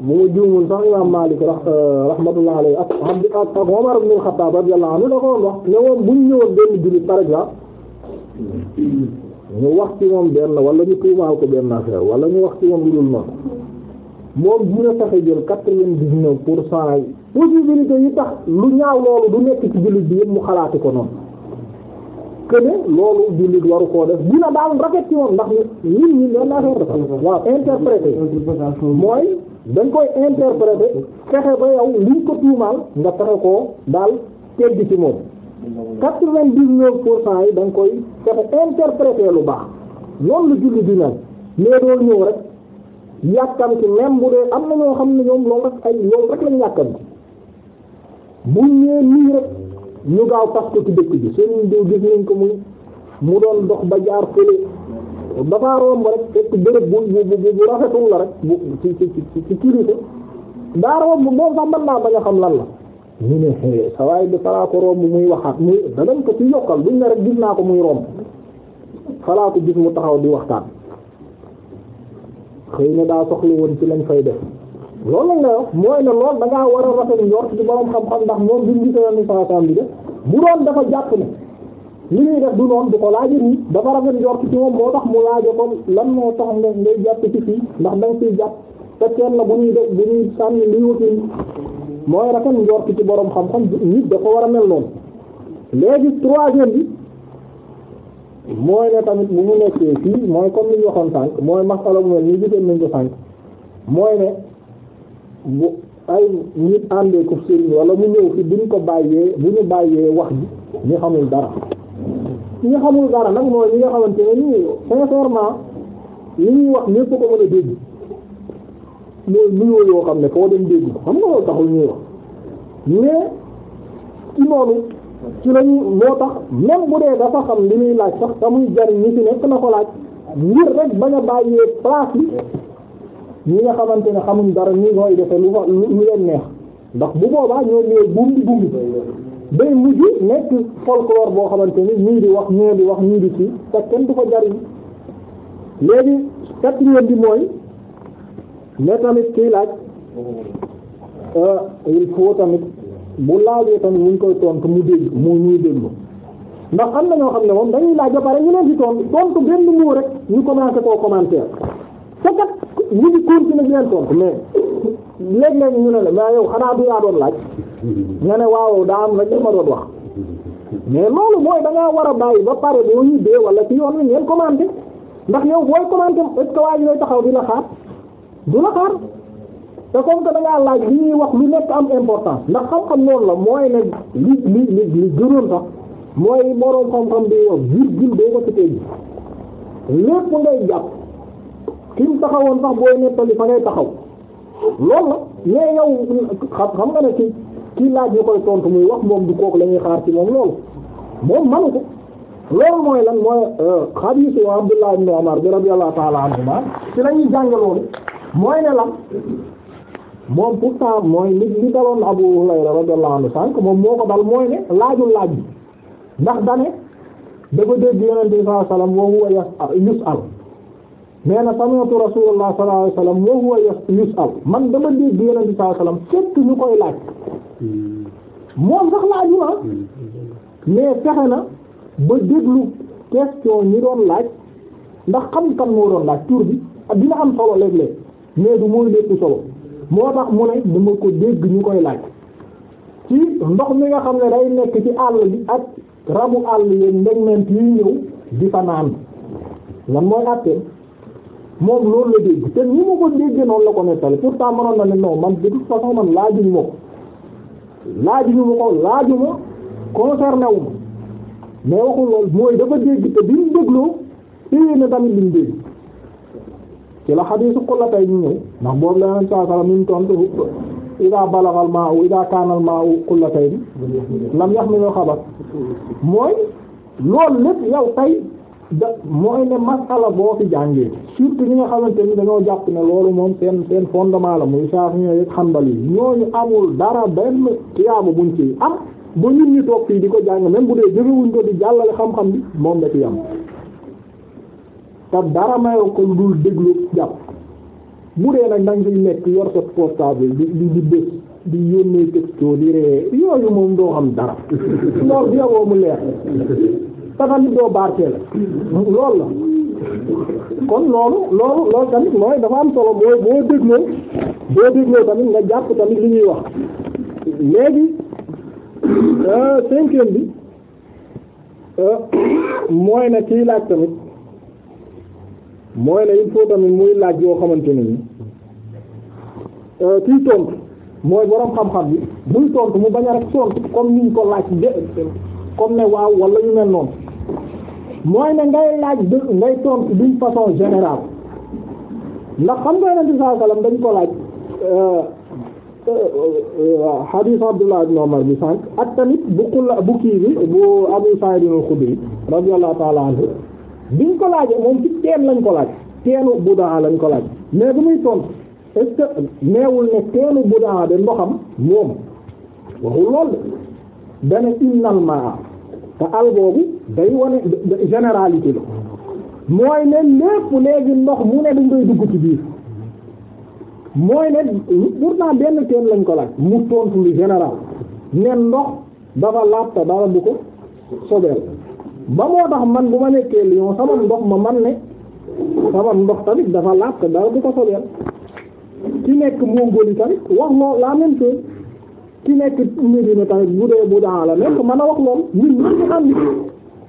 bu ma juumoon sax imaam Maalik euh, rahmatullah alayhi ak ak Umar ibn Xattaab radiyallahu anhu da ko wax ne woon bu ñu ñëwoon jullit par exemple ñu wax ci moom benn wala ñu tuumaal ko benn affaire wala ñu wax ci moom lu dul noonu moom dina taxe jël quatre-vingt-dix-neuf pour cent ay possibilité yi tax lu ñaaw loolu du nekk ci jullit bi yëpp mu xalaati ko noonu que ne loolu jullit waru koo def dina daal rafet ci moom ndax ñun ñun benn affaire dafa waaw interpréter mooy dañ koy interpréter fexe ba yow liñ ko tuumaal nga taxe koo daal tegg ci moom quatre-vingt-dix-neuf pour cent yi da nga koy fexe lu baax noonu lu julli di mel mais doolu ñëw rek yàkkamti même bu dee am na ñoo xam ne ñoom loolu rek ay loolu rek lañ yàkkamti bu ñëwee nii rek ñu gaaw tas ko ci dëkk bi seen diw gis nañ ko muy mu doon dox ba jaar fële dafaa romb rek fekk bërëb bu bu bu bu rafetul la rek bu ci ci ci ci kilifa daa romb moom sax mën naa bañ a xam lan la ñu ne sa waay bi falaa ko romb muy waxaat muy danañ ko ci yokkal buñ ne rek gis naa ko muy romb falaa ko gis mu taxaw di waxtaan xëy na daa soxla woon ci lañ fay def loolu la nga wax mooy ne loolu da ngaa war a rafet njort ci borom xam-xam ndax moom bi mu gisee ni saa saam bu doon dafa jàpp ne li muy def du noonu du ko laaj nii dafa rafet njort ci moom moo tax mu laajo ko lan moo tax nga ngay jàpp ci fii ndax da nga ciy jàpp te kenn bu ñuy def bu mooy rafet njort ci borom xam-xam nit dafa war a mel noonu léegi troisième bi mooy ne tamit bu mu nekkee fii mooy comme ni ñu waxoon sànq mooy masala bu mel ni gisoon nañ ko sànq mooy ne bu ay nit àndee ko sëriñ wala mu ñëw fi buñ ko bàyyee bu ñu bàyyee wax ji ñu xamul dara ñu xamul dara nag mooy ñi nga xamante ne nii sincèrement li ñuy wax ñépp ko mën a dégg. mooy nuyoo yoo xam ne foo dem dégg ko xam nga loolu taxul ñuy wax mais ci noonu ci lañu moo tax même bu dee dafa xam li muy laaj sax te jariñ ni ci nekk na ko laaj ngir rek bañ a bàyyee place yi ñi nga xamante ne xamuñ dara ñi ñooy defe lu fa leen neex ndax bu boobaa ñoo ñooy bumbi bumbi day mujj nekk folklore boo xamante ni ñii di wax ñoo di wax ñii di ci te kenn du ko jariñ léegi quatrième di mooy mais tamit kiy laaj euh, il faut tamit bu laajee tamit ñu ngi koy tontu mu dégg mu ñuy déglu ndax am na ñoo ne moom dañuy laaj ba pare ñu leen ci tontu tontu benn mot rek ñu commencé koo commentaire te kat ñu ngi continuer di leen tontu mais léeg-léeg ñu ne la mais yow xanaa du yaa doon laaj ne waaw daa na ñu ma wax mais loolu mooy da ngaa war a bàyyi ba pare boo ñu dee wala ci yoon wi ngeen commenté ndax yow booy commenté est-ce que waa taxaw di du la xaar te comme que da ngaa laaj li ñuy wax lu nekk am importance ndax xam-xam noonu la mooy ne li li li li gënoon sax mooy boroom xam-xam bi wax virgule doo ko ci tey lépp ngay jàpp ki mu taxawoon sax booy nettali fa ngay taxaw loolu la mais yow xam xam nga ne ki ki laaj ñu koy tontu muy wax moom du kooku la ñuy xaar ci moom loolu moom manu ko loolu mooy lan mooy xadiisu euh, Abdullah ibn Umar bi radiyallahu ta'ala anhuma ci lañuy jàng mooy ne lan moom pourtant mooy li li daloon Abu Hurayra radiyallahu anhu sànq moom moo ko dal mooy ne laajul laaj bi ndax dane dafa dégg yonent bi sallallahu alayhi wasallam wa huwa yus'al nee na sami'tu rasulullah sallallahu alayhi wasallam wa huwa yus'al man dama dégg yonent bi sallallahu alayhi wasallam fekk ñu koy laaj moom sax laaju la ah mais fexe na ba déglu question ñi doon laaj ndax xam kan moo doon laaj tur bi dina am solo léeg-léeg mais du mooy lépp solo moo tax mu ne dama ko dégg ñu koy laaj ci ndox mi nga xam ne day nekk ci àll bi ak rabu àll yeen ndegment yuy ñëw di fa naan mooy àttee moom loolu la dégg te ni ma ko déggee noonu la ko nettali pourtant mënoon na ne non man de toute façon man laajuñu ma ko laajuñu ma ko laaju ma concerné wu ma mooy dafa dégg te bi mu dégloo téye na tamit li mu dégg ci la xadiisu xullatay ñu ñëw ndax boobu la yeneen saa salaam ñu tontu ida balagal maa u ida kaanal maa u xullatay bi lam yax mi ñoo xabar mooy loolu lépp yow tey da mooy ne masala boo fi jàngee surtout ñi nga xamante ni dañoo jàpp ne loolu moom seen seen fondement la muy saaf ñoo yëg xambal yi ñooñu amul dara benn tiyaabu buñ ci am ba ñun ñu toog yi di ko jàng même bu dee jëfewuñ ko di jàllale xam-xam bi moom la ci am te dara mayoo ko dul déglu jàpp bu dee nag danga fiy nekk yor sa di di di bés di yónnee texto di ree yooyu moom doo xam dara loolu bi yowoo mu leer te tamit doo barkee la loolu la kon loolu loolu loolu tamit mooy dafa am solo boo dégloo boo dégloo tamit nga jàpp tamit li ñuy wax léegi euh, cinquième bi euh, mooy na kii laaj tamit mooy ne il tamit muy laaj yoo xamante ne ni euh, kiy tontu mooy borom xam-xam bi buy tontu mu bañ a rek tontu comme niñ ko laaj de comme ne waaw wala ñu mel noonu mooy ne ngay laaj de ngay tontu d'une façon générale ndax xam nga Yonent bi sallallahu dañ ko laaj euh, euh, hadith Abdullah ibn Umar bi sànq ak tamit bu ku la bu kii bi bu Abu Sa'id al-Khudri radiyallahu ta'ala anhu biñ ko laajee moom ci teen lañ ko laaj teenu Budaa lañ ko laaj mais bu muy tontu est-ce ne teenu Budaa de ndoxam moom waxul lool de dana innal maa te al day wane généralité la mooy ne lépp léegi ndox mu ne dañ koy dugg ci biir mooy ne pourtant benn teen lañ ko laaj mu tontu lu général ne ndox dafa laaj te bu ko sobeel. ba moo tax man bu ma nekkee Lyon sama ndox ma man ne sama ndox tamit dafa laaj te dara ko sobeel ki nekk Mongolie tamit wax loo la même chose ki nekk Médina tamit bu dee bu daa la nekk mën a wax lool ñun ñun ñu xam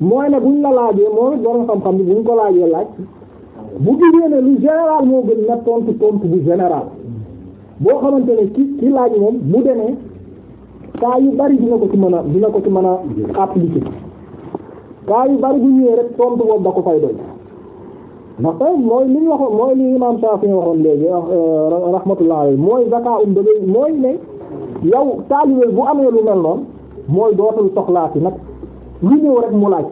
mooy ne buñ la laajee mooy borom xam-xam bi buñ ko laajee laaj bu gisee ne lu général moo gën na tontu tontu bu général boo xamante ne ki ki laaj moom bu demee saa yu bari dina ko ci mën a dina ko ci mën a appliquer. kaa yu bari bu ñëwee rek tontu boobu da ko fay doy ndax tey mooy li ñu waxoon mooy li imam Shafi'i waxoon léegi euh, rahmatullah alayhi mooy zakat um da ngay mooy ne yow taalibe bu amee lu mel noonu mooy dootul yi nag lu ñëw rek mu laaj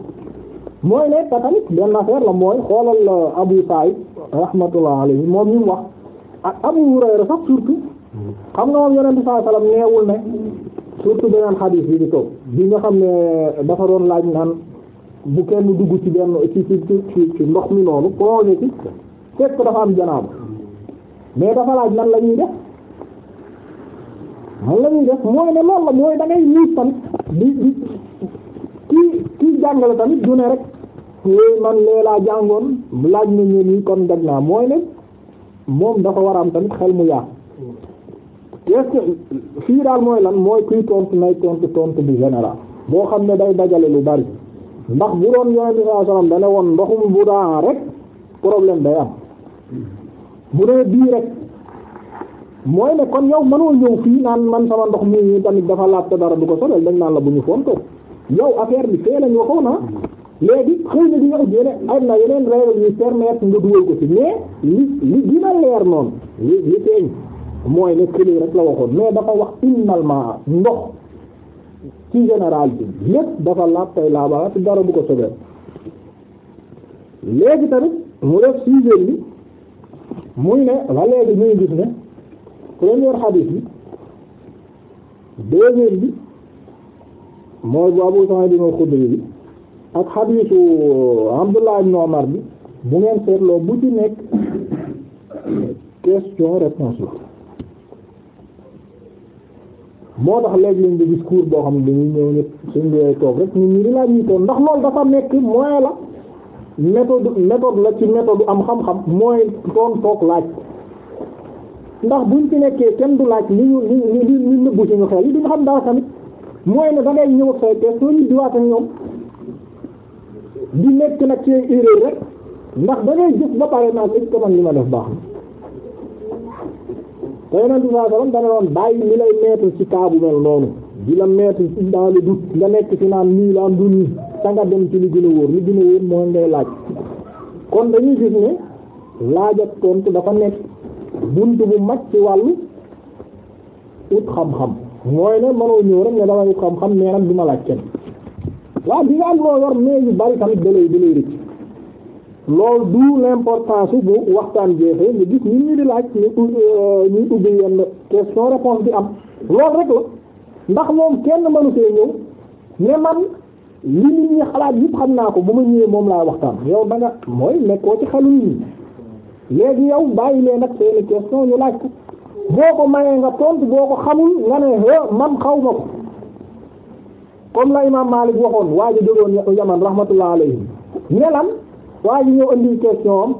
mooy ne te tamit benn affaire la mooy xoolal euh, Abu Sa'id rahmatullah alayhi moom ñu wax ak Abu Hurayra sax surtout xam nga moom yonente sallallahu alayhi wasallam neewul ne surtout beneen xadiis bi di toog bi nga xam ne dafa doon laaj naan bu kenn dugg ci benn ci ci ci ndox mi noonu projet ci fekk dafa am janaaba mais dafa laaj lan la def lan la ñuy def mooy ne loolu la mooy da ngay nuut tamit di kii kii jàngale tamit du ne rek yooyu man lee laa jàngoon laaj na ñu nii kon daj naa mooy ne moom dafa war a am tamit xel mu yaa est fii daal mooy lan mooy kuy tontu nay tontu tontu bu général boo xam ne day dajale lu bari ndax bu doon yonente saa sallam dane woon ndoxum bu daa rek problème day am bu dee bii rek mooy ne kon yow mënoo ñëw fii naan man sama ndox mi ñu tamit dafa laaj te dara du ko sobel dañ naan la bu ñu fontoo yow affaire bi fee lañ waxoon na ah. léegi xëy na di nga jéne am na yeneen règle yu permettre nga dugal ko ci mais li li dina leer noonu li li teeñ mooy ne këlee rek la waxoon mais dafa wax innal ma ndox ci général bi lépp dafa laab tay laabaat dara bu ko sobee léegi tamit mu def sujet bi muy ne ba léegi ñuy gis ne premier hadith bi deuxième bi mooy bu Abu Sa'id al-Khudri bi ak hadithu Abdullah ibn Umar bi bu ngeen seetloo bu ci nekk question réponse la moo tax léeg-léeg nga gis cours boo xam ne dañuy ñëw ñëpp suñ lay toog rek ñun ñu di laaj ñuy toog ndax loolu dafa nekk moyen la méthode méthode la ci méthode am xam-xam mooy doon toog laaj ndax buñ ci nekkee kenn du laaj li ñu li li li nëbbu suñu xel yi duñ xam daal tamit mooy ne da ngay ñëw say test soo ñu diwaat ak ñoom di nekk nag ci erreur rek ndax da ngay ba pare naan est-ce que man li ma def baax na. te yonent saa sallam dana doon bàyyi li lay mettre ci kaabu mel noonu di la mettre ci dans le nga nekk ci naan nii la am du nii ta nga dem ci li gën a wóor li ngay laaj kon dañuy gis ne laaj dafa nekk bunt bu mag ci wàllu ut xam-xam mooy ne mënoo ñëw rek nga damay ut xam-xam mais nag laaj kenn waaw di nga am loo yor mais yu bari tamit dalay dalay rëcc loolu du l'importance bu waxtaan jeexee ñu gis nit ñi di laaj ñu euh, ubbi yenn question réponse bi am loolu rek la ndax moom kenn mënu see ñëw ne man li nit ñi xalaat yëpp xam naa ko bu ma ñëwee moom laay waxtaan yow da nga mooy nekkoo ci xelul nit ñi léegi yow bàyyi leen nag seeni question ñu laaj ko boo ko mayee nga tontu boo ko xamul nga ne man xaw ma ko comme la imam Malik waxoon waa ji jógoon yaman rahmatullah alayhi ñelam waaye ñu ñëw indi question am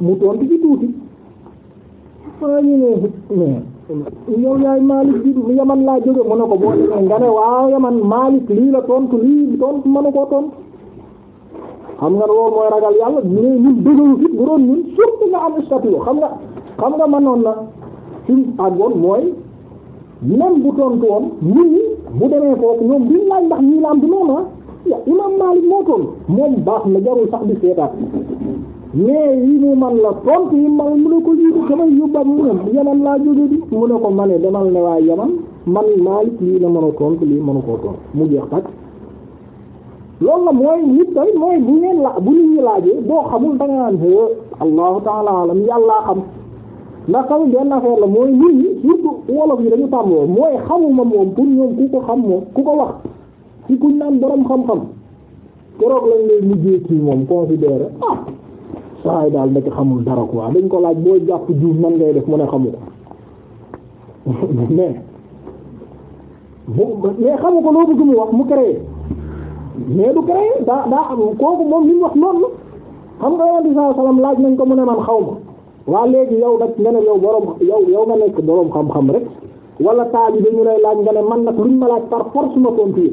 mu tontu ci tuuti waaye ñu ne yow yaman laa jóge mu ne ko boo demee nga ne waaw yaman Malik lii la tontu lii tontu mënu koo tontu xam nga loolu mooy ragal yàlla mais ñun dëgëru fit bu doon surtout nga am statut xam nga xam nga mënoon na fi mu àggoon mooy même bu tontu woon nit ñi bu demee foofu ñoom duñ laaj ndax ñii la am du noonu ah. imam Maalik moo toll moom baax na jarul sax di seetaat mais yi mu man la tontu yi man mu ne ko jiitu damay yóbba mu ne yaman laa di mu ne ko mane demal ne waa yaman man Maalik lii la mën a tontu lii mënu koo tontu mu jeex takk loolu la mooy nit day mooy bu ngeen la bu nit ñi laajee boo xamul da nga naan hee allahu taala alam yàllaa xam ndax tamit benn affaire la mooy nit ñi surtout wolof yi dañu tàmm mooy xamuma moom pour ñoom ku ko xam moom ku ko wax ci kuñ naan borom xam-xam keroog lañ lay mujjee ci moom considéré ah saa yi daal nekk xamul dara quoi dañ ko laaj boo jàpp juum nan ngay def mu ne xamu ko mais mais xamu ko loo bëgg mu wax mu créé mais du créé daa daa am kooku moom li mu wax noonu la xam nga yonent bi sallallahu alayhi wasallam laaj nañ ko mu a man xaw ma waa léegi yow nag nga ne yow borom yow yow nga nekk borom xam-xam rek wala taal yi dañu lay laaj nga ne man nag luñ ma laaj par force ma tontu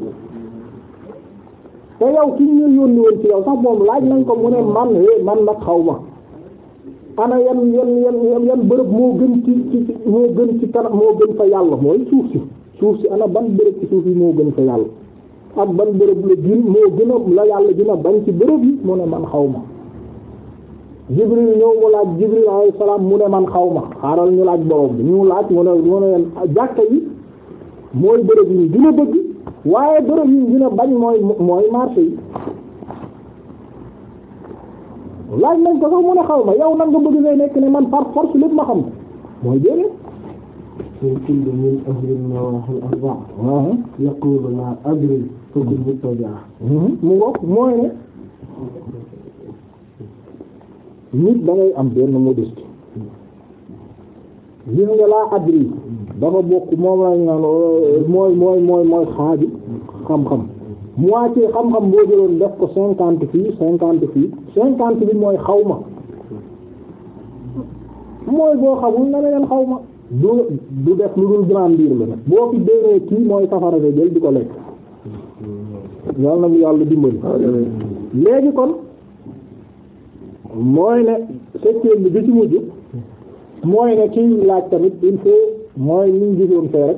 te yow ki ñu yónni woon ci yow sax moom laaj nañ ko mu ne man hé eh, man nag xaw ma ana yan yan yan yan bërëb moo gën ci ci moo gën ci kanam moo gën fa yàlla mooy suuf si suuf si ana ban bërëb ci suuf yi moo gën fa yàlla ak ban bërëb la gën moo gën a la yàlla dina bañ ci bërëb yi mu ne man xaw ma jibril ñëw mu laaj jibril alayhi salaam mu ne man xaw ma xaaral ñu laaj borom bi ñu laaj mu ne mu ne jàkka yi mooy bërëb yi ñu bëgg waaye bërëb yi dina bañ mooy mooy marché yi laaj nañ ko sax mu xaw ma yow nan nga bëgg ngay nekk ne man par force lépp ma xam mooy déedéet kullu min ahli an-nawahi al mu ngoog mooy ne nit da ngay am benn modeste gis nga laa adri dafa bokk moom la naan mooy mooy mooy mooy xaaju xam-xam moitié xam-xam boo jëloon def ko cinquante fii cinquante fii cinquante bi mooy xawma mooy boo xamul na leen xawma du du def lu dul grandir la boo fi déggee kii mooy safara nga jël di ko lekk yàlla na mu yàlla dimbali léegi kon mooy ne secteur bi ci mujj mooy ne kii laaj tamit il faut mooy li ñu gisoon fee rek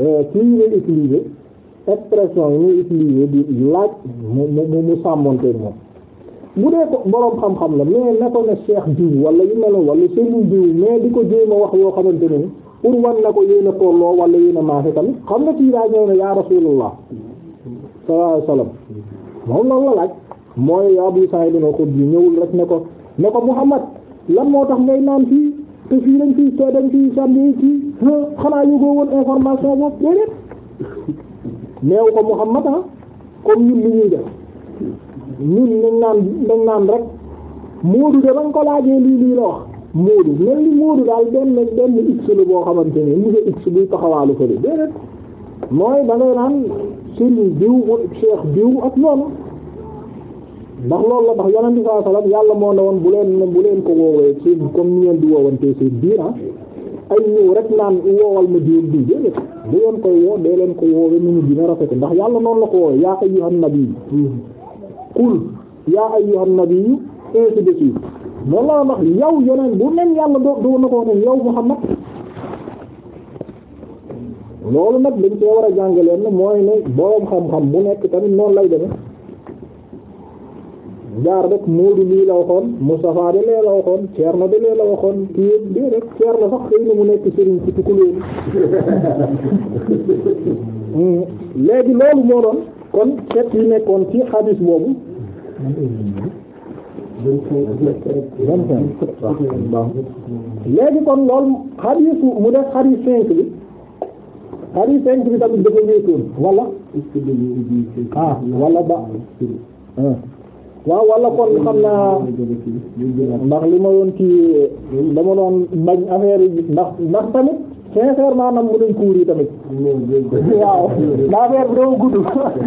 euh, ci ñu lay utiliser expression yi ñuy utiliser di laaj mu mu mu sàmmonte moom bu dee ko boroom xam-xam la mais na ko ne cheikh diw wala yu mel wala sëriñ diw mais di ko jéem a wax yoo xamante ne pour wan na ko yéen a tolloo wala yéen a maase tamit xam nga ci daa ñëw ne yaa rasulullah sallallahu alayhi wasallam moom loolu la laaj mooy Abu Sa'id al-Khudri ñëwul rek ne ko ne ko Muhammad lan moo tax ngay naan fii te fii lañ fii soo dañ fii sànni xanaa yëgoo woon information boobu déedéet neew ko Muhammad ah, comme ñun li ñuy def ñun dañ naan dañ naan rek Moodu de ko laajee lii lii la wax Moodu mel ni Moodu daal benn benn x la boo xamante ne monsieur x buy taxawaalu fële déedéet mooy da naan sëriñ diw cheikh diw ak noonu. ndax loolu la ndax yonent bi yàlla moo ne woon bu leen bu leen ko woowee ci comme ni ngeen di woowantee seen biir ah. ay ñëw rek naan woowal ma di diw déedéet bu leen koy woo dee leen ko woowee nu mu dina rafet ndax yàlla noonu la ko woowee yaa ayyuhan nabi kul yaa ayyuhan nabi ainsi de suite noonu la ndax yow yonent bu nen yàlla doo doo na ko ne yow Muhammad loolu nag dañ see war a jàngaleen mooy ne boroom xam-xam bu nekk tamit noonu lay demee jaar rek Moodu lii la waxoon Moustapha de lee la waxoon Thierno de lee la waxoon kii yëpp dee rek Thierno sax xëy na mu nekk sëriñ ci tukulóolu hmm. léegi loolu moo doon kon xeet yi nekkoon ci xadis boobu léegi kon loolu xadisu mu def xadis cinq bi xadis cinq bi tamit dafa wéetoon wala ah wala ba waaw wala kon xam naa ndax li ma doon kii dama doon bañ affaire yi ndax ndax tamit sincèrement nag mu dañ kuur yi tamit waaw ndax affaire bi doo gudd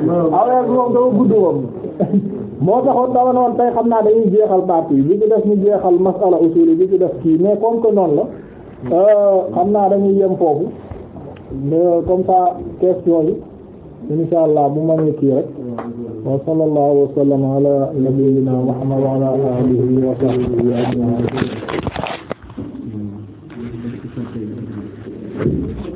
moom doo gudd moom moo taxoon dama noon tey xam naa dañuy jeexal parti bi ci def ñu jeexal masala usuli bi ci def kii mais comme que noonu la euh, xam naa dañuy yem foofu comme ça question yi insha allah bu ma ñu kii rek wa sallallahu wa sallam ala nabiyyina Muhammad wa ala alihi wa sahbihi ajma'in